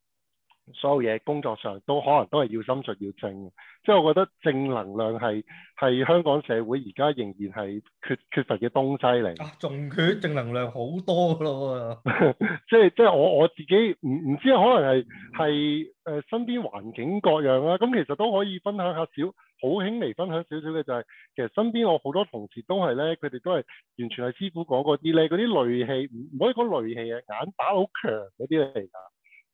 所有嘢工作上都可能都係要心術要正，即係我覺得正能量係係香港社會而家仍然係缺缺乏嘅東西嚟。仲、啊、缺正能量好多咯 即係即係我我自己唔唔知可能係係誒身邊環境各樣啦。咁、嗯嗯、其實都可以分享下少，好輕微分享少少嘅就係、是、其實身邊我好多同事都係咧，佢哋都係完全係師傅講過，而你嗰啲戾氣唔可以講戾氣啊，眼打好強嗰啲嚟㗎。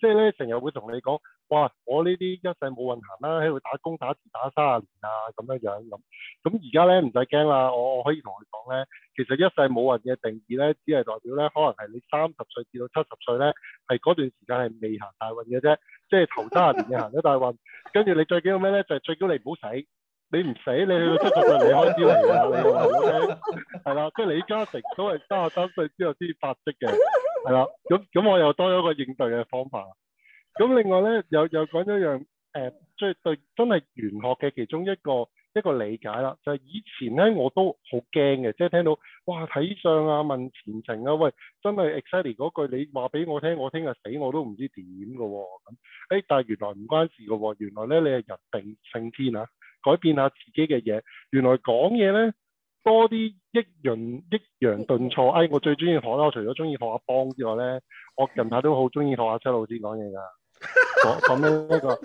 即係咧，成日會同你講，哇！我呢啲一世冇運行啦，喺度打工打字打三啊年啊，咁樣樣咁。咁而家咧唔使驚啦，我我可以同你講咧，其實一世冇運嘅定義咧，只係代表咧，可能係你三十歲至到七十歲咧，係嗰段時間係未行大運嘅啫。即係頭三十年你行咗大運，跟住你最緊要咩咧？就係最驚你唔好死。你唔死，你去到七十歲離開江湖啦。你話 O K？係啦，即係李嘉誠都係三十三歲之後先發跡嘅。係啦，咁咁我又多咗個應對嘅方法。咁另外咧，又又講咗樣即係、呃、對真係玄學嘅其中一個一個理解啦，就係、是、以前咧我都好驚嘅，即、就、係、是、聽到哇睇相啊問前程啊，喂真係 exciting 嗰句你話俾我聽，我聽日死我都唔知點嘅喎咁。誒但係原來唔關事嘅喎、啊，原來咧你係人定勝天啊，改變下自己嘅嘢，原來講嘢咧。多啲抑揚抑揚頓挫，哎，我最中意學啦！我除咗中意學阿邦之外咧，我近排都好中意學阿七老師講嘢噶，講講咩呢個？係、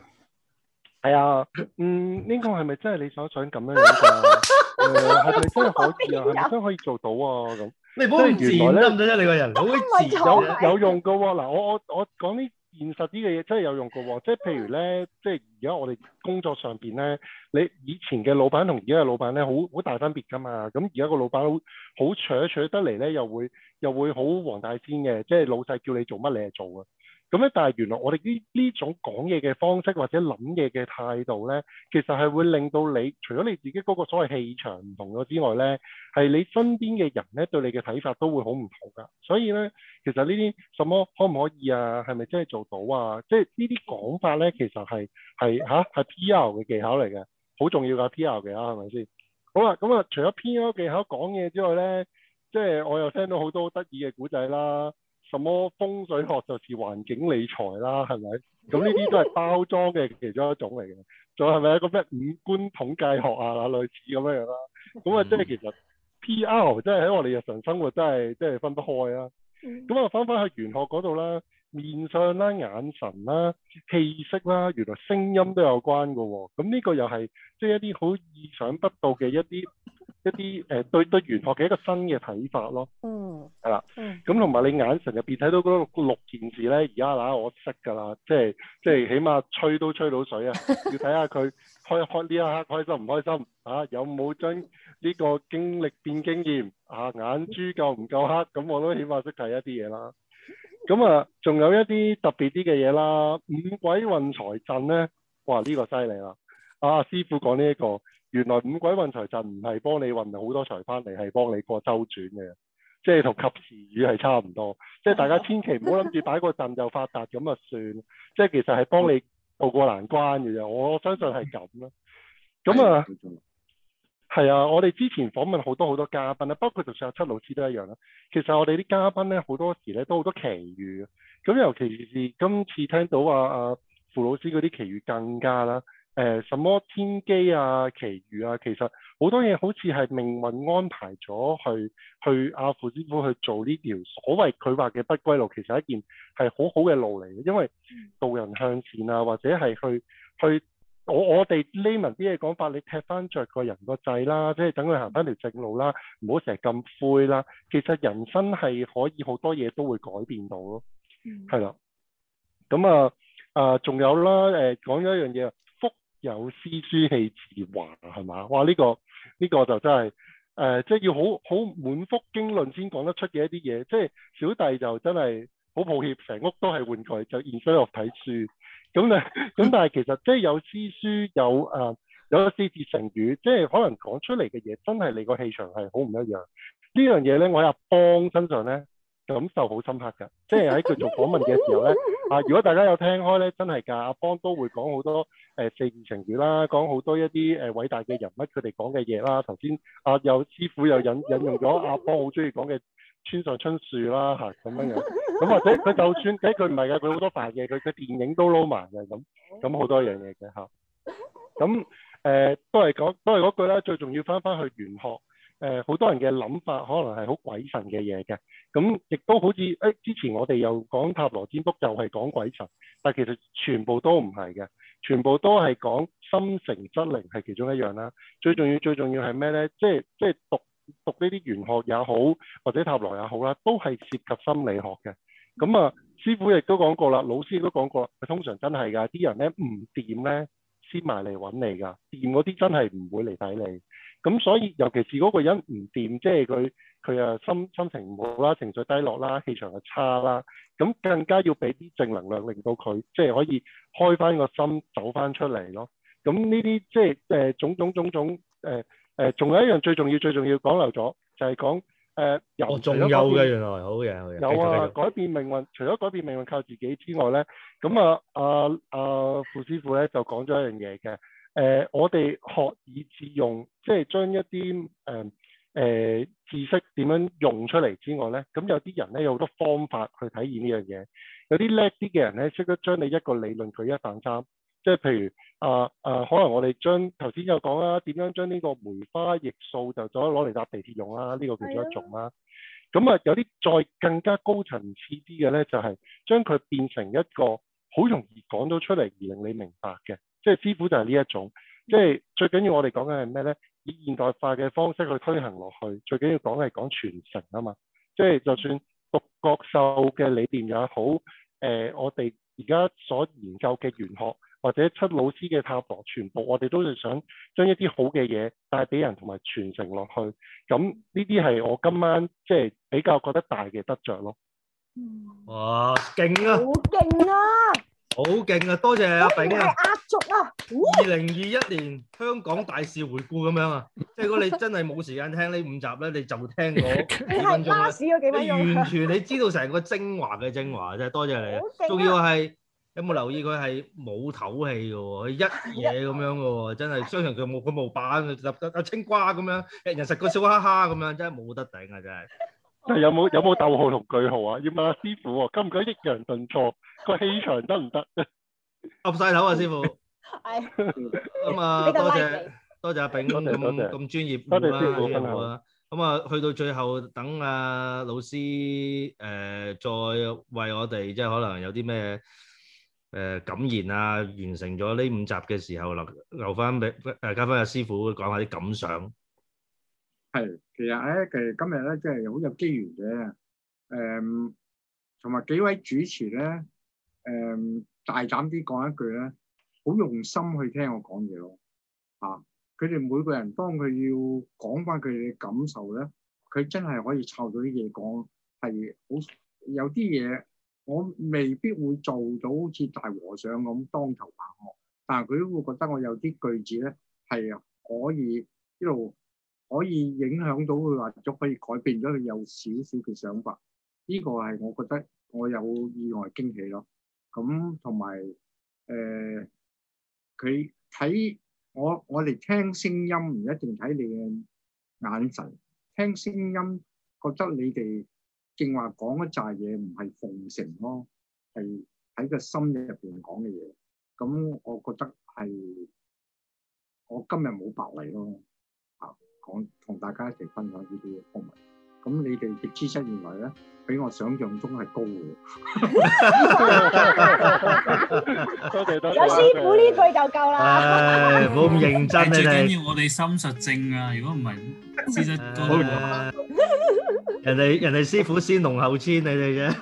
哎、啊，嗯，呢、這個係咪真係你所想咁樣樣噶？誒、 呃，係咪真係可以啊？係咪真可以做到啊？咁，你唔好唔自然得唔得得你個人好有有用噶喎、啊！嗱，我我我講呢。現實啲嘅嘢真係有用噶喎、哦，即係譬如咧，即係而家我哋工作上邊咧，你以前嘅老闆同而家嘅老闆咧，好好大分別噶嘛。咁而家個老闆好好扯扯得嚟咧，又會又會好黃大仙嘅，即係老細叫你做乜你係做啊。咁咧，但係原來我哋呢呢種講嘢嘅方式或者諗嘢嘅態度咧，其實係會令到你除咗你自己嗰個所謂氣場唔同咗之外咧，係你身邊嘅人咧對你嘅睇法都會好唔同㗎。所以咧，其實呢啲什麼可唔可以啊？係咪真係做到啊？即係呢啲講法咧，其實係係吓係 P.R. 嘅技巧嚟嘅，好重要㗎 P.R. 嘅，係咪先？好啦，咁啊，除咗 P.R. 技巧講嘢之外咧，即係我又聽到好多得意嘅故仔啦。什麼風水學就是環境理財啦，係咪？咁呢啲都係包裝嘅其中一種嚟嘅。仲係咪一個咩五官統計學啊？類似咁樣樣啦。咁啊，即係其實 P.R. 即係喺我哋日常生活真係真係分不開啊。咁啊，翻返去玄學嗰度啦，面相啦、啊、眼神啦、啊、氣息啦、啊，原來聲音都有關㗎喎、啊。咁呢個又係即係一啲好意想不到嘅一啲。一啲誒、呃、對對玄學嘅一個新嘅睇法咯，嗯，係啦，咁同埋你眼神入邊睇到嗰六，六件事咧，而家嗱我識㗎啦，即係即係起碼吹都吹到水啊！要睇下佢開開呢一刻開心唔開心，嚇、啊、有冇將呢個經歷變經驗啊？眼珠夠唔夠黑？咁我都起碼識睇一啲嘢啦。咁啊，仲有一啲特別啲嘅嘢啦，五鬼運財陣咧，哇！呢、這個犀利啦，啊師傅講呢一個。原來五鬼運財陣唔係幫你運好多財翻嚟，係幫你過周轉嘅，即係同及時雨係差唔多。即係大家千祈唔好諗住擺個陣就發達咁啊算， 即係其實係幫你渡過難關嘅啫。我相信係咁啦。咁 啊，係 啊，啊，我哋之前訪問好多好多嘉賓啊，包括就上七老師都一樣啦。其實我哋啲嘉賓咧，好多時咧都好多奇遇。咁尤其是今次聽到話阿傅老師嗰啲奇遇更加啦。誒、呃、什麼天機啊、奇遇啊，其實多好多嘢好似係命運安排咗去去阿傅師傅去做呢條所謂佢話嘅不歸路，其實一件係好好嘅路嚟嘅，因為導人向前啊，或者係去去我我哋匿 a 啲嘢講法，你踢翻着個人個掣啦，即係等佢行翻條正路啦，唔好成日咁灰啦。其實人生係可以好多嘢都會改變到咯，係啦、嗯。咁啊啊，仲、啊、有啦，誒講咗一樣嘢。有詩書氣自華，係嘛？哇！呢、呢個呢、呢個就真係誒、呃，即係要好好滿腹經綸先講得出嘅一啲嘢。即係小弟就真係好抱歉，成屋都係玩具，就然衰學睇書咁啊！咁但係其實即係有詩書有誒，有啲四字成語，即係可能講出嚟嘅嘢，真係你個氣場係好唔一樣。樣呢樣嘢咧，我喺阿邦身上咧。感受好深刻噶，即係喺佢做訪問嘅時候咧，啊，如果大家有聽開咧，真係噶，阿邦都會講好多誒、呃、四字成語啦，講好多一啲誒、呃、偉大嘅人物佢哋講嘅嘢啦。頭先阿有師傅又引引用咗阿邦好中意講嘅村上春樹啦，嚇、啊、咁樣嘅，咁、啊、或者佢就算誒佢唔係嘅，佢、呃、好多凡嘅，佢嘅電影都撈埋嘅咁，咁好多樣嘢嘅嚇。咁誒都係講都係嗰句啦，最重要翻翻去玄學。誒，好、呃、多人嘅諗法可能係好鬼神嘅嘢嘅，咁亦都好似誒、欸，之前我哋又講塔羅占卜就係、是、講鬼神，但其實全部都唔係嘅，全部都係講心誠則靈，係其中一樣啦。最重要最重要係咩咧？即係即係讀讀呢啲玄學也好，或者塔羅也好啦，都係涉及心理學嘅。咁啊，師傅亦都講過啦，老師亦都講過，通常真係㗎，啲人咧唔掂咧先埋嚟揾你㗎，掂嗰啲真係唔會嚟睇你。咁、嗯、所以，尤其是嗰個人唔掂，即係佢佢啊心心情唔好啦，情緒低落啦，氣場又差啦，咁、嗯、更加要俾啲正能量，令到佢即係可以開翻個心，走翻出嚟咯。咁呢啲即係誒、呃、種種種種誒誒，仲、呃呃、有一樣最重要最重要講漏咗，就係、是、講誒、呃、有。仲、哦、有嘅原來好嘅有啊，改變命運除咗改變命運靠自己之外咧，咁、嗯、啊啊啊傅師傅咧就講咗一樣嘢嘅。誒、呃，我哋學以致用，即係將一啲誒誒知識點樣用出嚟之外咧，咁有啲人咧有好多方法去體現呢樣嘢。有啲叻啲嘅人咧，識得將你一個理論舉一反三，即係譬如啊啊、呃呃，可能我哋將頭先有講啦，點樣將呢個梅花易數就咗攞嚟搭地鐵用啦、啊，呢、這個叫做一種啦。咁啊，啊有啲再更加高層次啲嘅咧，就係、是、將佢變成一個好容易講到出嚟而令你明白嘅。即係師傅就係呢一種，即係最緊要我哋講嘅係咩咧？以現代化嘅方式去推行落去，最緊要講係講傳承啊嘛！即係就算獨角秀嘅理念也好，誒、呃，我哋而家所研究嘅玄學或者七老師嘅塔羅，全部我哋都係想將一啲好嘅嘢帶俾人同埋傳承落去。咁呢啲係我今晚即係比較覺得大嘅得着咯。哇！勁啊！好勁啊！好勁啊！多謝阿炳啊！阿叔啊！二零二一年香港大事回顧咁樣啊，即係 如果你真係冇時間聽呢五集咧，你就聽我幾，幾分鐘，你係巴士嗰幾分鐘啊？你完全你知道成個精華嘅精華啫， 多謝你、啊。仲要係有冇留意佢係冇唞氣嘅喎，一嘢咁樣嘅喎、啊，真係雙人佢冇個毛板，就得個青瓜咁樣，人食個笑哈哈咁樣，真係冇得頂啊，真係。有冇有冇逗號同句號啊？要問阿師傅，夠唔夠抑揚頓挫，個氣場得唔得？岌晒頭啊，師傅。咁啊，多謝多謝阿炳咁咁專業。多謝師傅啊。咁啊，去到最後等阿老師誒，再為我哋即係可能有啲咩誒感言啊，完成咗呢五集嘅時候，留留翻俾誒，交翻阿師傅講下啲感想。係，其實咧，其實今日咧，即係好有機緣嘅。誒、嗯，同埋幾位主持咧，誒、嗯，大膽啲講一句咧，好用心去聽我講嘢咯。啊，佢哋每個人當佢要講翻佢哋嘅感受咧，佢真係可以湊到啲嘢講，係好有啲嘢我未必會做到，好似大和尚咁當頭棒喝，但係佢都會覺得我有啲句子咧係可以一路。可以影響到佢話，就可以改變咗佢有少少嘅想法。呢個係我覺得我有意外驚喜咯。咁同埋誒，佢睇、呃、我我哋聽聲音唔一定睇你嘅眼神，聽聲音覺得你哋正話講一紮嘢，唔係奉承咯，係喺個心理入邊講嘅嘢。咁我覺得係我今日冇白嚟咯。我同大家一齊分享呢啲嘢，同埋咁你哋嘅知識認為咧，比我想象中係高嘅。多謝多謝。有師傅呢句就夠啦。唉，好咁認真你哋。最緊要我哋心術正啊！如果唔係，知識冇用。人哋人哋師傅先濃後黐你哋啫，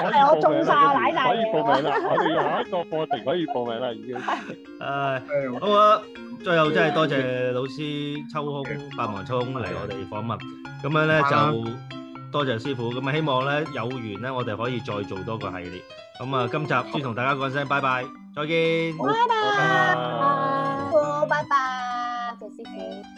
我我中曬奶奶，可以報名啦，我哋下一個課程可以報名啦已經。誒，好啊，最後真係多謝老師抽空百忙中嚟我哋訪問，咁樣咧就多謝師傅，咁啊希望咧有緣咧我哋可以再做多個系列。咁啊今集先同大家講聲拜拜，再見。拜拜，好拜拜。謝師傅。